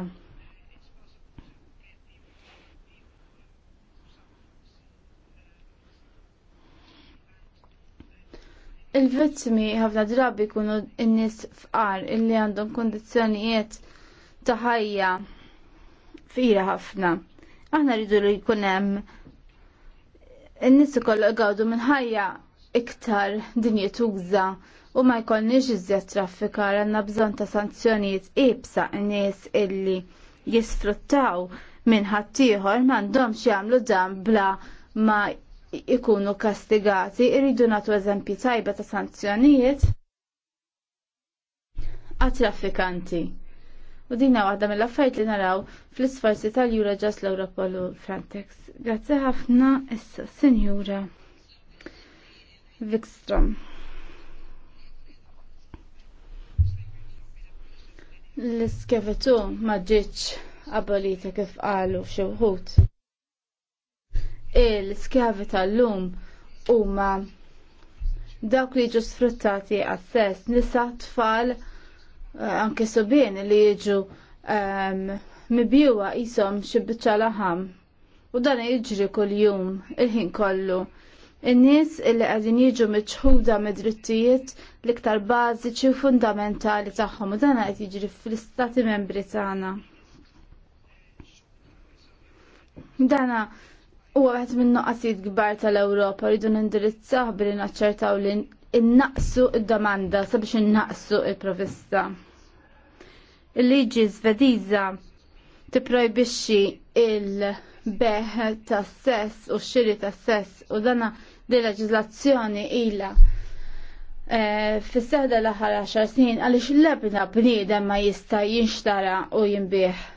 Speaker 2: Il-vittmi ħafna drabi jkunu n-nies fqar illi għandhom kondizjonijiet ta' ħajja fira ħafna. Aħna rridu li jkun hemm n-nis kollu għawdu minn ħajja iktar dinjetuża u ma jkollniex iżjed traffikar għandna bżonn ta' sanzjonijiet ibsa n-nies illi jisfruttaw minn ħaddieħor m'għandhomx jagħmlu dan bla ma ikunu kastigati, irridu nagħtu eżempji tajba ta' sanzjonijiet għat traffikanti. U dinna waħda mill-affarijiet li naraw fl-isforzi tal-Jura ġas l europa u Frontex. Grazzi ħafna issa senjura Vikstrom. L-iskevetu ma ġietx abolita kif qalu xewħut. l Il-skjavi tal-lum huma dawk li ġu sfruttati għas-sess nisa tfal anke sobien li jiġu ehm, mibjuwa jisom xibbiċa laħam. U dan jiġri kol jum il-ħin kollu. In-nies illi għadin jiġu miċħuda mid-drittijiet l-iktar bażiċi u fundamentali tagħhom u dan qed jiġri fl-istati membri tagħna. Dana huwa wieħed minn noqqasijiet kbar tal-Ewropa rridu nindirizzah billi naċċertaw li innaqsu id-domanda sabiex innaqsu il-provista. il provista Il-liġi Svediża tipprojbixxi il-beħ tas sess u xiri tas sess u dana di leġiżlazzjoni ilha eh, fis-seħda l-aħħar 10 snin għaliex l-ebna bniedem ma jista' jinxtara u jinbih.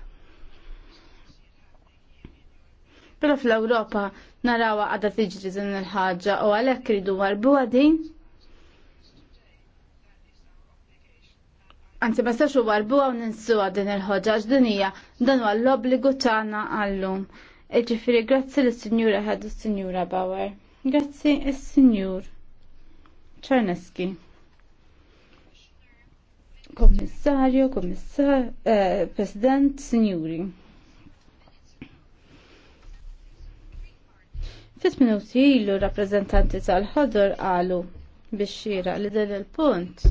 Speaker 2: Però fl-Ewropa narawha għadha tiġri din il-ħaġa u għalhekk ridu warbuha din Anzi, ma sax u għalbu għaw ninsu din il-ħoġa ġdinija, dan huwa l-obbligu tagħna għallum. Iġifieri grazzi l sinjura ħad s sinjura Bauer. Grazzi s signur Czarneski. Kommissarju, komissar, eh, President, Sinjuri. Fis minuti ilu rappreżentanti tal-ħodor qalu biex xira li dan il-punt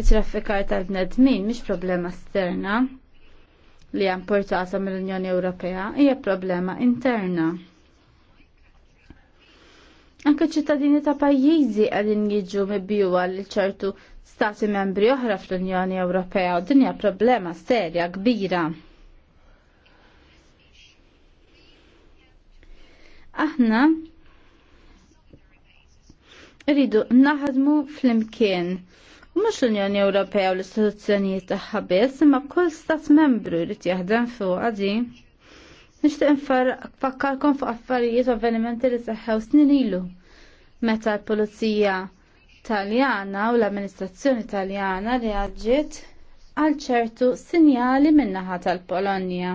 Speaker 2: it traffikar tal-bnedmin mhix problema sterna li hija importata mill-Unjoni Ewropea, hija problema interna. Anke ċittadini ta' pajjiżi qegħdin jiġu mibjuwa li ċertu stati membri oħra fl-Unjoni Ewropea u din hija problema serja kbira. Aħna rridu naħdmu fl-imkien U mhux l-Unjoni Ewropea u l-istituzzjonijiet tagħha biss, imma kull stat membru jrid jaħdem fuq din, Nixtieq nfakkarkom fuq affarijiet u avvenimenti li seħħew snin ilu meta l-Pulizija Taljana u l-Amministrazzjoni Taljana reaġġiet għal ċertu sinjali minnaħa tal-Polonja.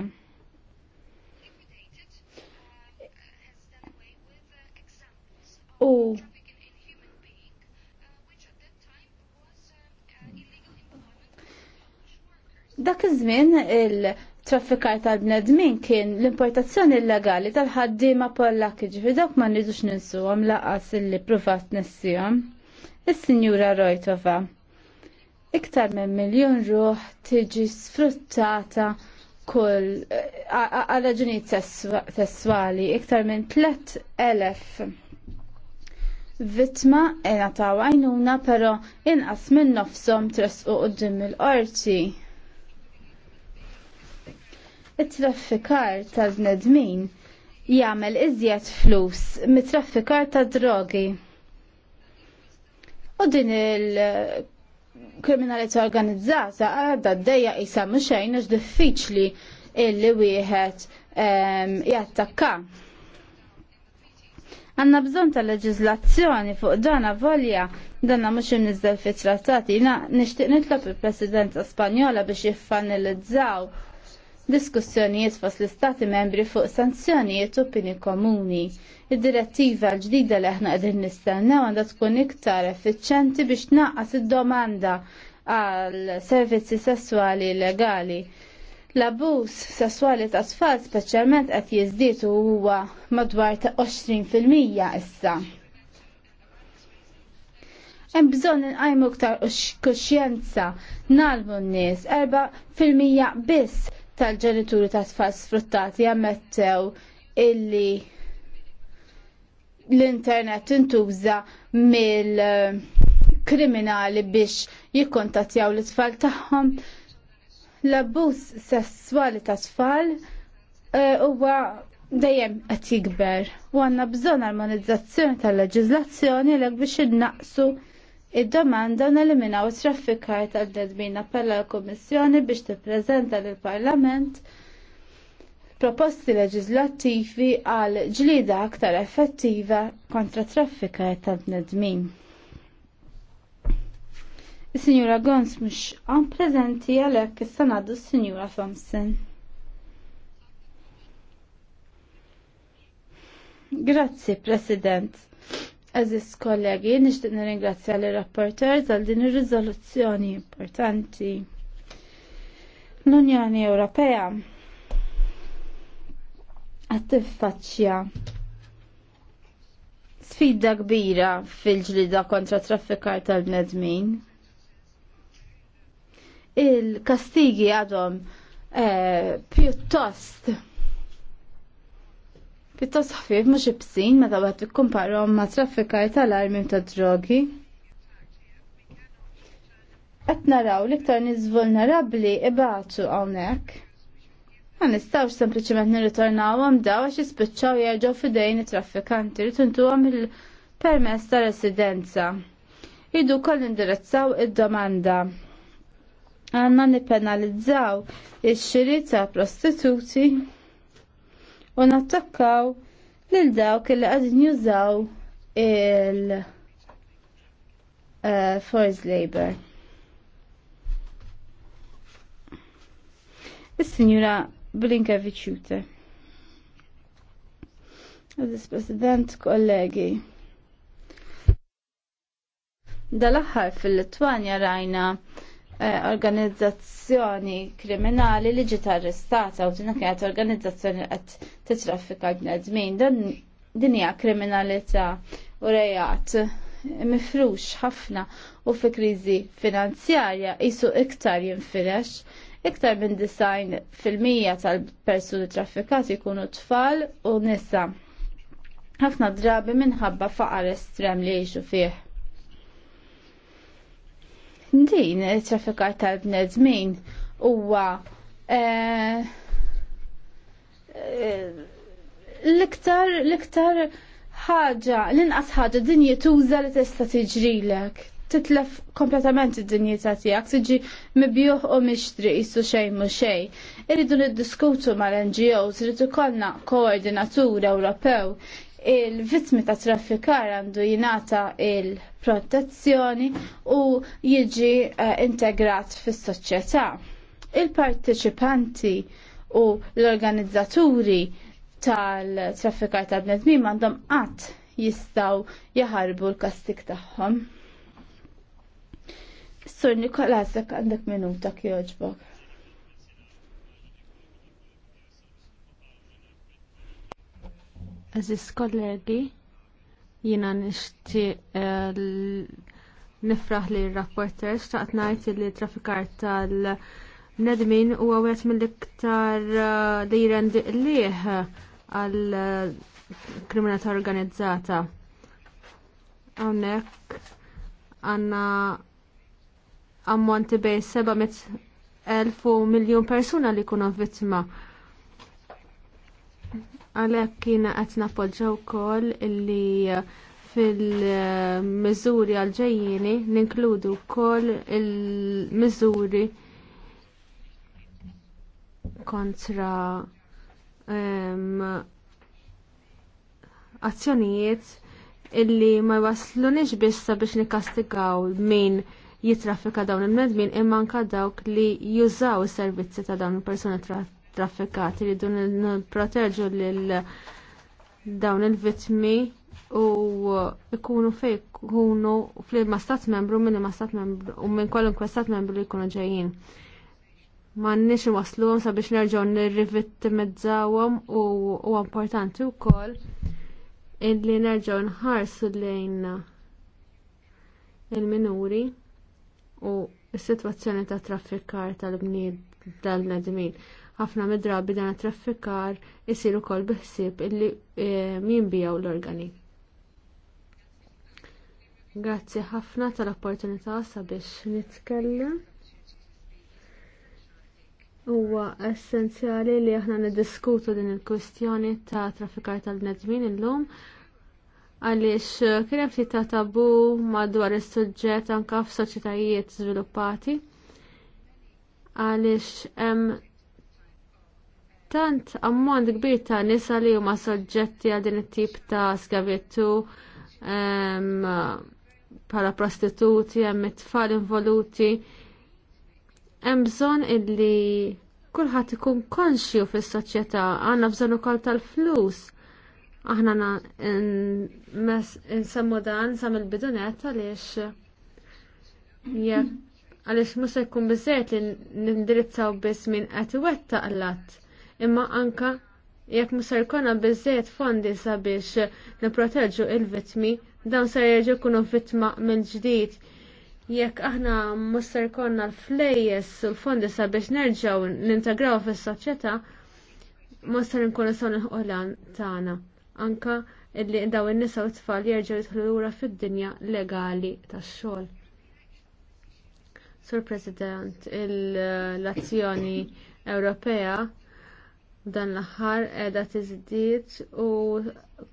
Speaker 2: U Dak iż-żmien il-traffikar tal-bnedmin kien l-importazzjoni illegali tal-ħaddiema Pollakki ġifi dawk ma nridux ninsuhom laqas illi pruvat nessihom. Is-Sinjura Rojtova. Iktar minn miljon ruħ tiġi sfruttata kull għal raġunijiet sessuali iktar minn 3000 vittma ingħataw għajnuna però inqas minn nofshom tresqu quddiem il-qorti it-traffikar ta' znedmin jagħmel iżjed flus mit-traffikar ta' drogi. U din il-kriminalità organizzata għadha d-dejja isa muxejn għax diffiċli illi wieħed ehm, jattakka. Għanna bżon ta' leġizlazzjoni fuq dana volja danna mux imnizzel fi trattati. Na nishtiq nitlob il-presidenza spanjola biex jiffanilizzaw diskussjonijiet fost l-Istati membri fuq sanzjonijiet u pini komuni. Id-direttiva l-ġdida li aħna qegħdin nistennew għandha tkun iktar effiċenti biex naqqas id-domanda għal servizzi sessuali legali. L-abbuż sesswali ta' tfal speċjalment qed jiżdied u huwa madwar ta' 20% issa. Hemm bżonn inqajmu iktar kuxjenza nagħmlu n-nies 4% biss tal-ġenituri ta' tfal sfruttati jammettew illi l-internet intuża mill-kriminali eh, biex jikkontattjaw l-tfal tagħhom. L-abbuż sessuali ta' tfal eh, huwa dejjem qed jikber u għandna bżonn armonizzazzjoni tal-leġiżlazzjoni l biex innaqsu id-domanda neliminaw traffikar tal-dedmin appella l komissjoni biex tippreżenta lil parlament proposti leġislattivi għal ġlida aktar effettiva kontra traffikar tal dedmin Signora sinjura Gons mhux għan preżenti għalhekk issa sanadu s-Sinjura Thompson. Grazzi, President. Aziz kollegi, nixtieq nirringrazzja l rapporter għal din ir-riżoluzzjoni importanti. L-Unjoni Ewropea qed tiffaċċja sfida kbira fil-ġlida kontra traffikar tal-bnedmin. Il-kastigi għadhom eh, pjuttost Pittos ħfif mhux ibsin meta wieħed ikkumparhom ma' traffikaj tal-armi ta' drogi. Qed naraw l-iktar nies vulnerabbli ibatu hawnhekk. Ma nistgħux sempliċement nirritornaw għam daw għax jispiċċaw jerġgħu fidejn it-traffikanti li tuntuhom il-permess ta' residenza. Idu koll indirizzaw id-domanda. Għanna nipenalizzaw ix-xiri ta' prostituti u nattakkaw lil dawk li għadin jużaw il uh, forced labor. Is-Sinjura Blinkevich Jute. Aziz President, kollegi. Dal-aħħar fil-Litwanja rajna Eh, organizzazzjoni kriminali li ġiet arrestata u dinha kienet organizzazzjoni qed titraffika bnedmin dan din hija kriminalità u rejat mifrux ħafna u fi kriżi finanzjarja isu iktar jinfirex iktar minn design fil-mija tal-persuni traffikati jkunu tfal u nisa ħafna drabi minħabba faqar estrem li jgħixu fih. Din traffikar tal-bnedmin huwa eh, eh, l-iktar l-iktar ħaġa, l-inqas ħaġa din tuża li tista' tiġrilek. Titlef kompletament id-dinjità tiegħek, tiġi mibjuħ u mixtri isu xejn mhu xejn. Irridu niddiskutu mal-NGOs, irid ikollna koordinatur Ewropew il-vittmi ta' traffikar għandu jinata il-protezzjoni u jiġi eh, integrat fis soċjetà Il-partiċipanti u l-organizzaturi tal-traffikar ta' bnedmin għandhom qatt jistaw jaħarbu l-kastik tagħhom. Sur Nikolasek għandek minuta
Speaker 1: kjoġbok. Aziz kollegi, jina nishti eh, nifraħ li rapporter xtaqt najt li trafikar tal-nedmin u għawet mill-iktar eh, li jirendi liħ għal eh, kriminata organizzata. Għonek għanna ammonti bej 700 elfu miljon persuna li kuna vittma Għalhekk kiena qed nappoġġa kol illi eh, fil-miżuri għal ninkludu wkoll il-miżuri kontra um, azzjonijiet illi ma nix bissa biex nikastigaw min jitrafika dawn il-medmin imma anka dawk li jużaw is-servizzi ta' dawn il-persuni traffikati li dun proteġu lil dawn il-vitmi u ikunu fej ikunu fl-ma stat membru minn ma stat membru u minn kwalunkwe stat membru li jkunu ġejjin. Ma nix għom sabiex nerġgħu nirrivittimizawhom u u importanti wkoll illi nerġgħu nħarsu lejn il-minuri u s-sitwazzjoni ta' traffikar tal bnid tal-nedmin ħafna mid-drabi dan traffikar isir ukoll biħsieb illi eh, jinbijaw l-organi. Grazzi ħafna tal-opportunità sabiex nitkellem. Huwa essenzjali li aħna niddiskutu din il-kwistjoni ta' traffikar tal-nedmin illum għaliex eh, kien hemm ta' tabu madwar is-suġġett anke f'soċjetajiet żviluppati għaliex hemm tant ammont kbir ta' nisa li huma soġġetti għal din it-tip ta' skavjettu bħala prostituti, hemm it-tfal involuti. Hemm bżonn illi kulħadd ikun konxju fis-soċjetà, għandna bżonn ukoll tal-flus. Aħna nsemmu dan sam il-bidunet għaliex għaliex mhux se jkun biżejjed li nindirizzaw biss min qed iwettaq l-att imma anka jekk ma sar jkollna fondi sabiex nipproteġu il-vittmi dan sar jerġgħu jkunu vittma minn ġdid. Jekk aħna ma sar l-flejjes u l-fondi sabiex nerġgħu nintegraw fis-soċjetà, ma sar nkunu saw ħolan tagħna. Anka illi daw in-nisa u t-tfal jerġgħu jidħlu lura fid-dinja legali tax-xogħol. Sur President, il azzjoni Ewropea dan l-aħħar qiegħda tiżdied u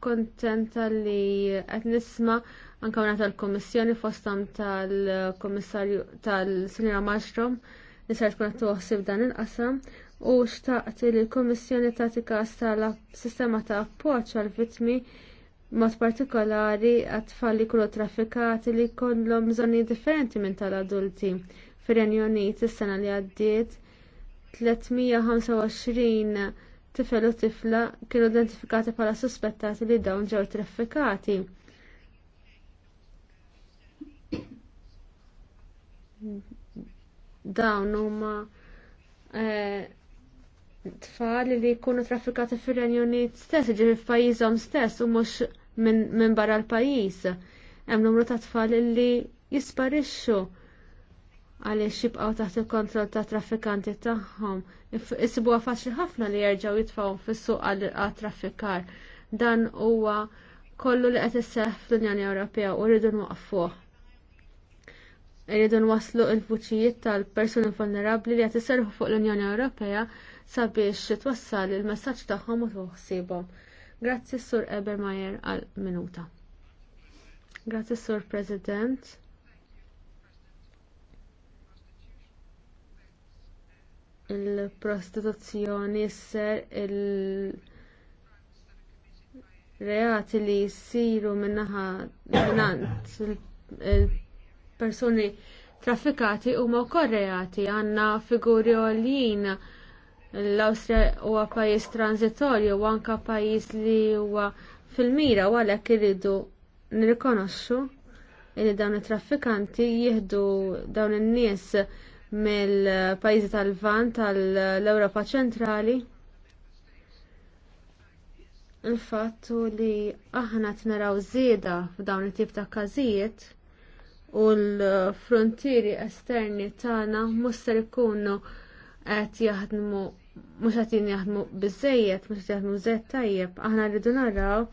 Speaker 1: kontenta li qed nisma' anke wara tal-Kummissjoni fostam tal-Kummissarju tal-Sinjora Malmstrom li se tkun qed toħsib dan il-qasam u xtaqt li l-Kummissjoni tagħti każ tal-sistema ta' appoġġ għall-vittmi mod partikolari għat-tfal li kullu traffikati li jkollhom bżonni differenti minn tal-adulti. Fir-Renju Unit is-sena li għaddiet 325 tifel u tifla kienu identifikati bħala suspettati li dawn ġew traffikati. Dawn huma eh, tfal li jkunu traffikati fir-Renju Unit stess, ġifi f'pajjiżhom stess u mhux minn barra l-pajjiż. Hemm numru ta' tfal li jisparixxu għaliex jibqgħu taħt il-kontroll ta' traffikanti tagħhom. Isibuha faċli ħafna li jerġgħu jitfgħu fis-suq għal traffikar. Dan huwa kollu li qed isseħħ fl-Unjoni Ewropea u rridu nwaqfuh. Irridu nwasslu l-vuċijiet tal-persuni vulnerabbli li qed iserħu fuq l-Unjoni Ewropea sabiex twassal il-messaġġ tagħhom u tuħsibhom. Grazzi Sur Ebermajer għal minuta. Grazzi Sur President. il-prostituzzjoni isser il-reati li jsiru min minnant il-persuni traffikati huma wkoll reati għandna figuri għoljina, l-Awstrija huwa pajjiż transitorju u anke pajjiż li huwa fil-mira u għalhekk iridu nirrikonoxxu li dawn it-traffikanti jieħdu dawn in-nies mill-pajjiżi tal-Van tal-Ewropa ċentrali. Il-fattu li aħna t-naraw żieda f'dawn it-tip ta' każijiet u l-frontieri esterni tagħna muster ikunu qed jaħdmu mhux qed jaħdmu biżejjed, mhux qed jaħdmu żejjed tajjeb, aħna rridu naraw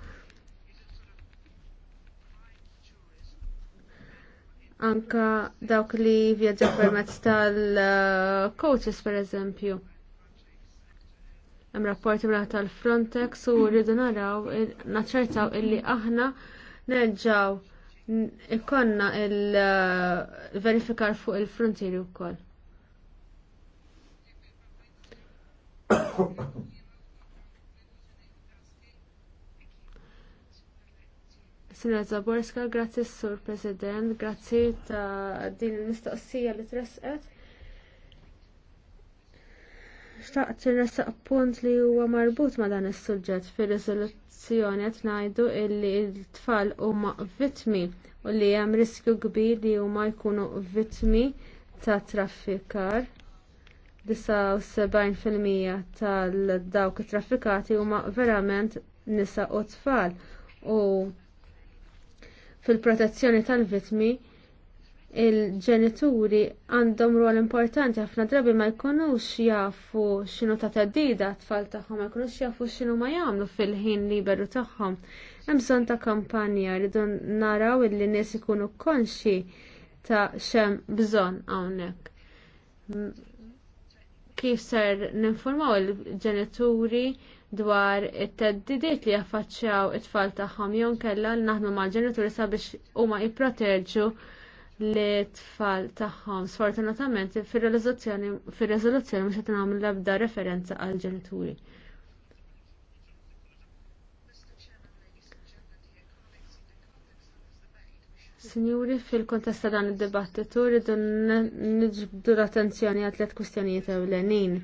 Speaker 1: anka dawk li vjaġġa permezz tal-coaches per eżempju. Hemm rapporti mra tal-Frontex u rridu naraw naċċertaw illi aħna nerġgħu ikonna il-verifikar fuq il-frontieri wkoll. Sina Zaborska, grazzi Sur President, grazzi ta' din il-mistoqsija li tresqet. Xtaqt t resaq punt li huwa marbut ma' dan is-suġġett fir-riżoluzzjoni qed ngħidu illi t-tfal huma vittmi u li hemm riskju kbir li huma jkunu vittmi ta' traffikar. 79% tal-dawk traffikati huma verament nisa u tfal u fil-protezzjoni tal-vittmi il-ġenituri għandhom rol importanti ħafna drabi ma jkunux jafu x'inhu ta' t tfal tagħhom, ma jkunux jafu x'inhu ma jagħmlu fil-ħin liberu tagħhom. Hemm bżonn ta' kampanja li don naraw illi nies ikunu konxi ta' xem bżonn hawnhekk. Kif ser ninformaw il-ġenituri dwar it-teddidiet li jaffaċċjaw it-tfal tagħhom jew kellha li naħdmu mal-ġenituri sabiex huma jipproteġġu li tfal tagħhom. Sfortunatament fir-riżoluzzjoni fir mhux qed nagħmlu l-ebda referenza għal ġenituri. Sinjuri, fil-kontesta dan id-dibattitu rridu niġbdu l-attenzjoni għal tliet kwistjonijiet ewlenin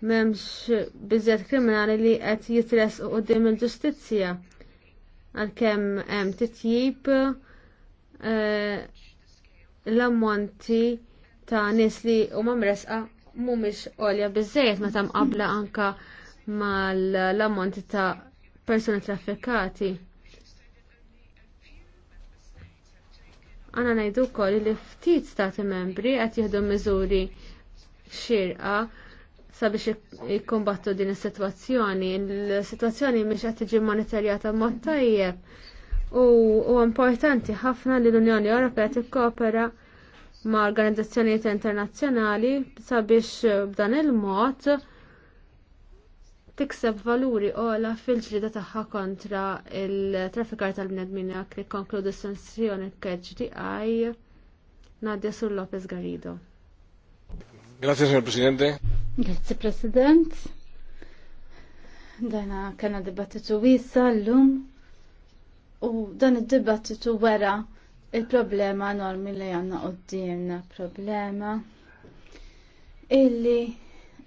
Speaker 1: memx bizzet kriminali li qed jitres u qoddim il-ġustizzja għalkemm hemm titjib eh, l-ammonti ta' nies li huma mresqa mhumiex għolja biżejjed meta mqabbla anka mal-ammonti ta' persuni traffikati. Għana najdu koll li ftit stati membri għat jihdu miżuri xirqa sabiex jikkombattu din is-sitwazzjoni. il sitwazzjoni mhix qed tiġi monitorjata mod tajjeb. U importanti ħafna li l-Unjoni Ewropea tikkopera ma' organizzazzjonijiet internazzjonali sabiex b'dan il-mod tikseb valuri ola fil-ġrida tagħha kontra il-traffikar tal-bnedmin jak li konkludi sensjoni KGTI Nadia Sur Lopez Garrido.
Speaker 3: Grazie, signor Presidente.
Speaker 2: Grazie
Speaker 1: President. Dana
Speaker 2: kena dibattitu wisa l-lum u dan id-dibattitu wara il-problema normi li għanna qoddimna problema illi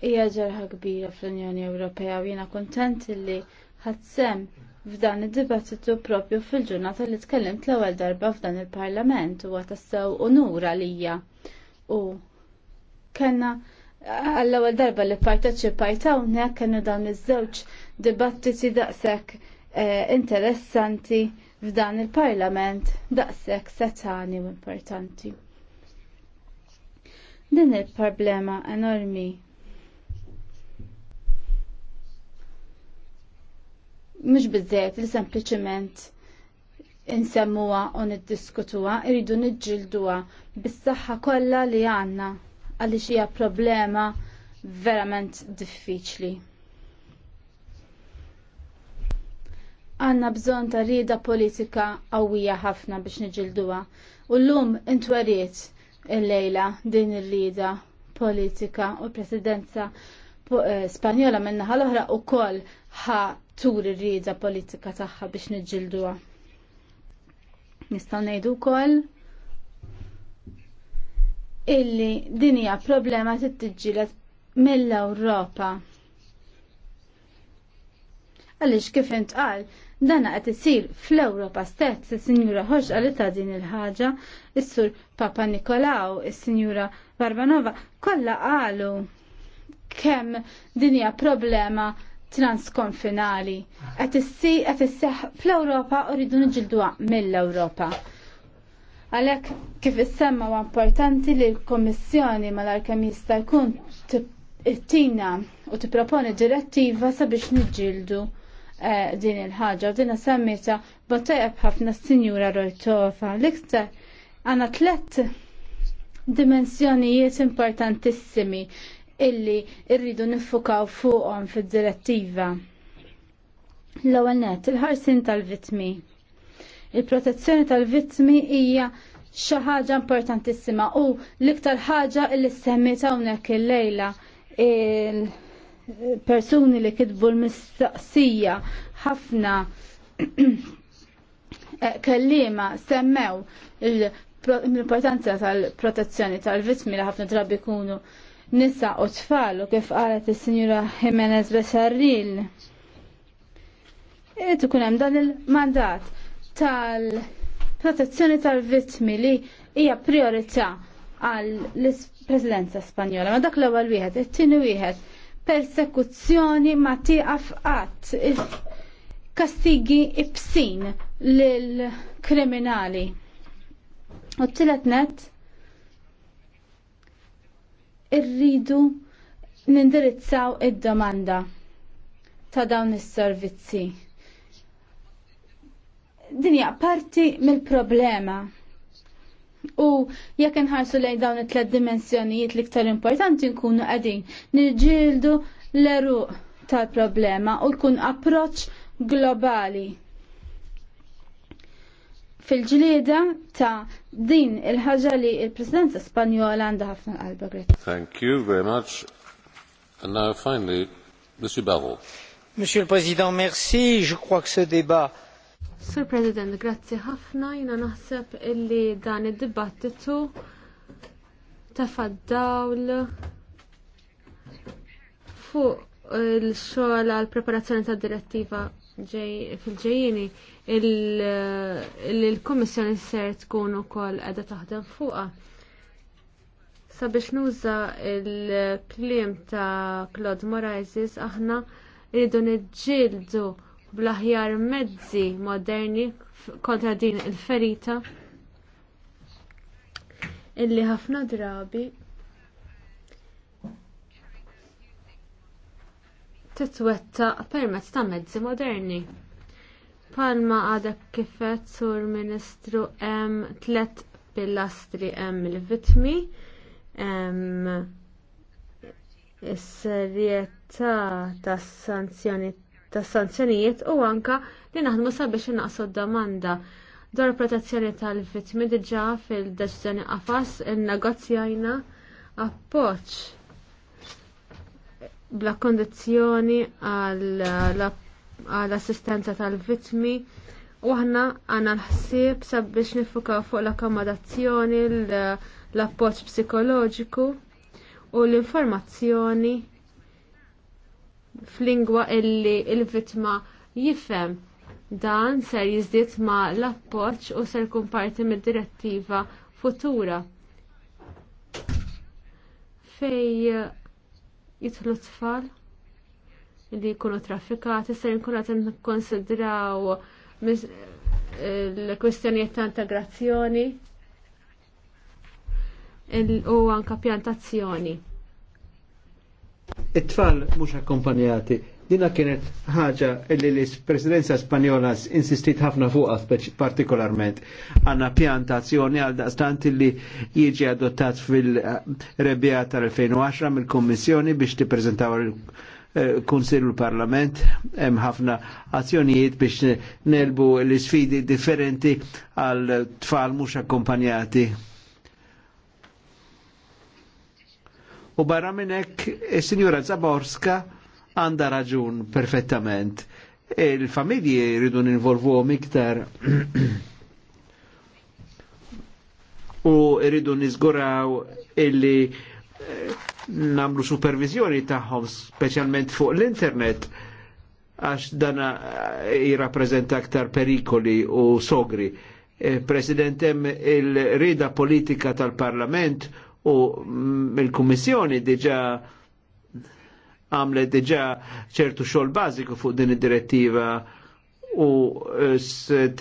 Speaker 2: hija ġerħa kbira fl-Unjoni Ewropea u jiena kontent illi ħadsem f'dan id-dibattitu propju fil-ġurnata li tkellimt l-ewwel darba f'dan il-Parlament huwa tassew unura lija u kellna għall-ewwel darba li parteċipajt hawnhekk kienu dawn iż-żewġ dibattiti daqshekk eh, interessanti f'dan il-Parlament daqshekk setani u importanti. Din il-problema enormi mhux biżejjed li sempliċement insemmuha u niddiskutuha, irridu niġġilduha bis-saħħa kollha li għandna għaliex hija problema verament diffiċli. Għanna bżon ta' rida politika qawwija ħafna biex niġilduha. U llum intwariet il-lejla din ir-rida politika u presidenza eh, Spanjola minna ħal-oħra u koll ħa tur ir-rida politika tagħha biex niġilduha. Nistgħu ngħidu wkoll illi dinja problema tittiġġilet mill-Ewropa. Għaliex kif intqal, dana qed isir fl-Ewropa stess is-Sinjura Ħorġ għalita ta' din il-ħaġa, is-Sur Papa Nikolaw, il sinjura Barbanova, kollha qalu kemm din hija problema transkonfinali. Qed isseħ fl-Ewropa u rridu nġilduwa mill-Ewropa. Għalek kif issemma u importanti li l-Komissjoni mal-Arkemista jkun tina u tipproponi direttiva sabiex niġġieldu eh, din il-ħaġa u din semmita bottajab ħafna s-Sinjura Rojtofa. L-iktar għana tlet dimensjonijiet importantissimi illi irridu nifukaw fuqhom fid-direttiva. L-ewwel il-ħarsin tal-vitmi. Il-protezzjoni tal-vittmi hija xi ħaġa importantissima u l-iktar ħaġa li semmit hawnhekk il-lejla il-persuni li kitbu l-mistaqsija ħafna eh, kellima semmew l-importanza tal-protezzjoni tal-vittmi li ħafna drabi jkunu nisa u tfal u kif qalet is-Sinjura Jimenez Besarril. Tkun hemm dan il-mandat tal-protezzjoni tal-vittmi li hija priorità għal l-Presidenza Spanjola. Ma dak l-ewwel wieħed, it-tieni wieħed, persekuzzjoni ma tieqaf qatt kastigi ibsin lil kriminali. U t-tielet net irridu nindirizzaw id-domanda ta' dawn is-servizzi dinja parti mill-problema. U jekk inħarsu lejn dawn it-tlet dimensjonijiet l-iktar importanti nkunu qegħdin niġġieldu l-eruq tal-problema u jkun approċċ globali fil-ġlieda ta' din il-ħaġa li il-Presidenza Spanjola għandha ħafna qalba. Thank you very much. And now finally, Monsieur Barrault.
Speaker 3: Monsieur le Président, merci. Je crois que ce débat
Speaker 1: Sur President, grazzi ħafna. Jina naħseb illi dan id-dibattitu tafaddawl fuq il-xogħol għal preparazzjoni ta' direttiva fil-ġejjini il-Kommissjoni ser tkun ukoll qiegħda taħdem fuqha. Sabiex nuża il-kliem ta' Claude Moraisis aħna rridu niġġieldu bl-aħjar mezzi moderni kontra din il-ferita illi ħafna drabi titwetta permezz ta' mezzi moderni. Palma għada kifet sur ministru hemm tlet pilastri hemm il-vitmi, hemm is-serjetà tas-sanzjoni tas sanzjonijiet u anka li naħdmu sabiex innaqsu d-domanda. Dwar protezzjoni tal-vittmi diġà fil-deċiżjoni qafas innegozjajna appoġġ bla kundizzjoni għall-assistenza tal-vittmi u aħna għandna l-ħsieb sabiex nifukaw fuq l-akkomodazzjoni l-appoġġ psikoloġiku u l-informazzjoni f'lingwa illi il-vittma jifhem dan ser jizdiet ma l-appoġġ u ser jkun parti mid-direttiva futura fej eh, jitlu tfal li jkunu traffikati ser jkunu qed nikkonsidraw l-kwistjonijiet ta' integrazzjoni u anka pjantazzjoni
Speaker 3: it-tfal mhux akkompanjati. Dina kienet ħaġa li l-presidenza spanjola insistit ħafna fuqa partikolarment. Għanna pjantazzjoni għal daqstant li jieġi adottat fil rebbija tal-2010 mill-Kommissjoni biex tippreżentaw il-Kunsill eh, u l-Parlament hemm ħafna azzjonijiet biex nelbu l-sfidi differenti għal tfal mhux akkompanjati U barra minnek, il-Sinjura Zaborska għanda raġun perfettament. Il-familji e rridu ninvolvu iktar u rridu nizguraw illi eh, namlu supervizjoni taħħom, specialment fuq l-internet, għax dana eh, jirrapprezenta aktar perikoli u sogri. Eh, President hemm il-rida politika tal-Parlament u mill-Kummissjoni diġa għamlet diġa ċertu xogħol bażiku fuq din id-direttiva u eh,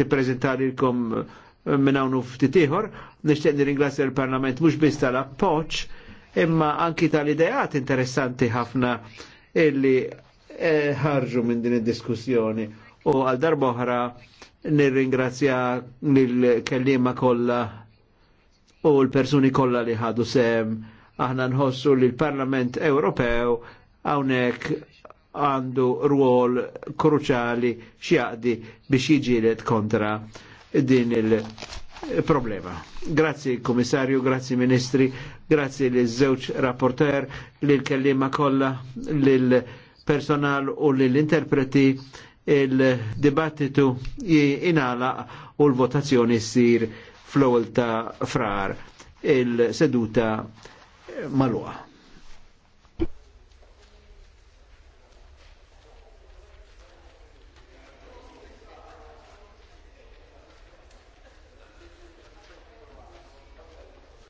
Speaker 3: tippreżentalilkom eh, minn hawn ftit ieħor, nixtieq nirringrazzja l-Parlament mhux biss tal-appoġġ, imma anki tal-ideat interessanti ħafna illi eh, ħarġu minn din id-diskussjoni u għal darba oħra nirringrazzja lill-kellima kollha u l-persuni kollha li ħadu sem aħna nħossu li l-Parlament Ewropew hawnhekk għandu ruol kruċali xjaqdi biex jiġilet kontra din il-problema. Grazzi komissarju, grazzi ministri, grazzi li żewġ rapporter, l-kellima kolla, l-personal u l-interpreti il-dibattitu jinala u l-votazzjoni sir fl-ewwel ta' frar il-seduta malwa.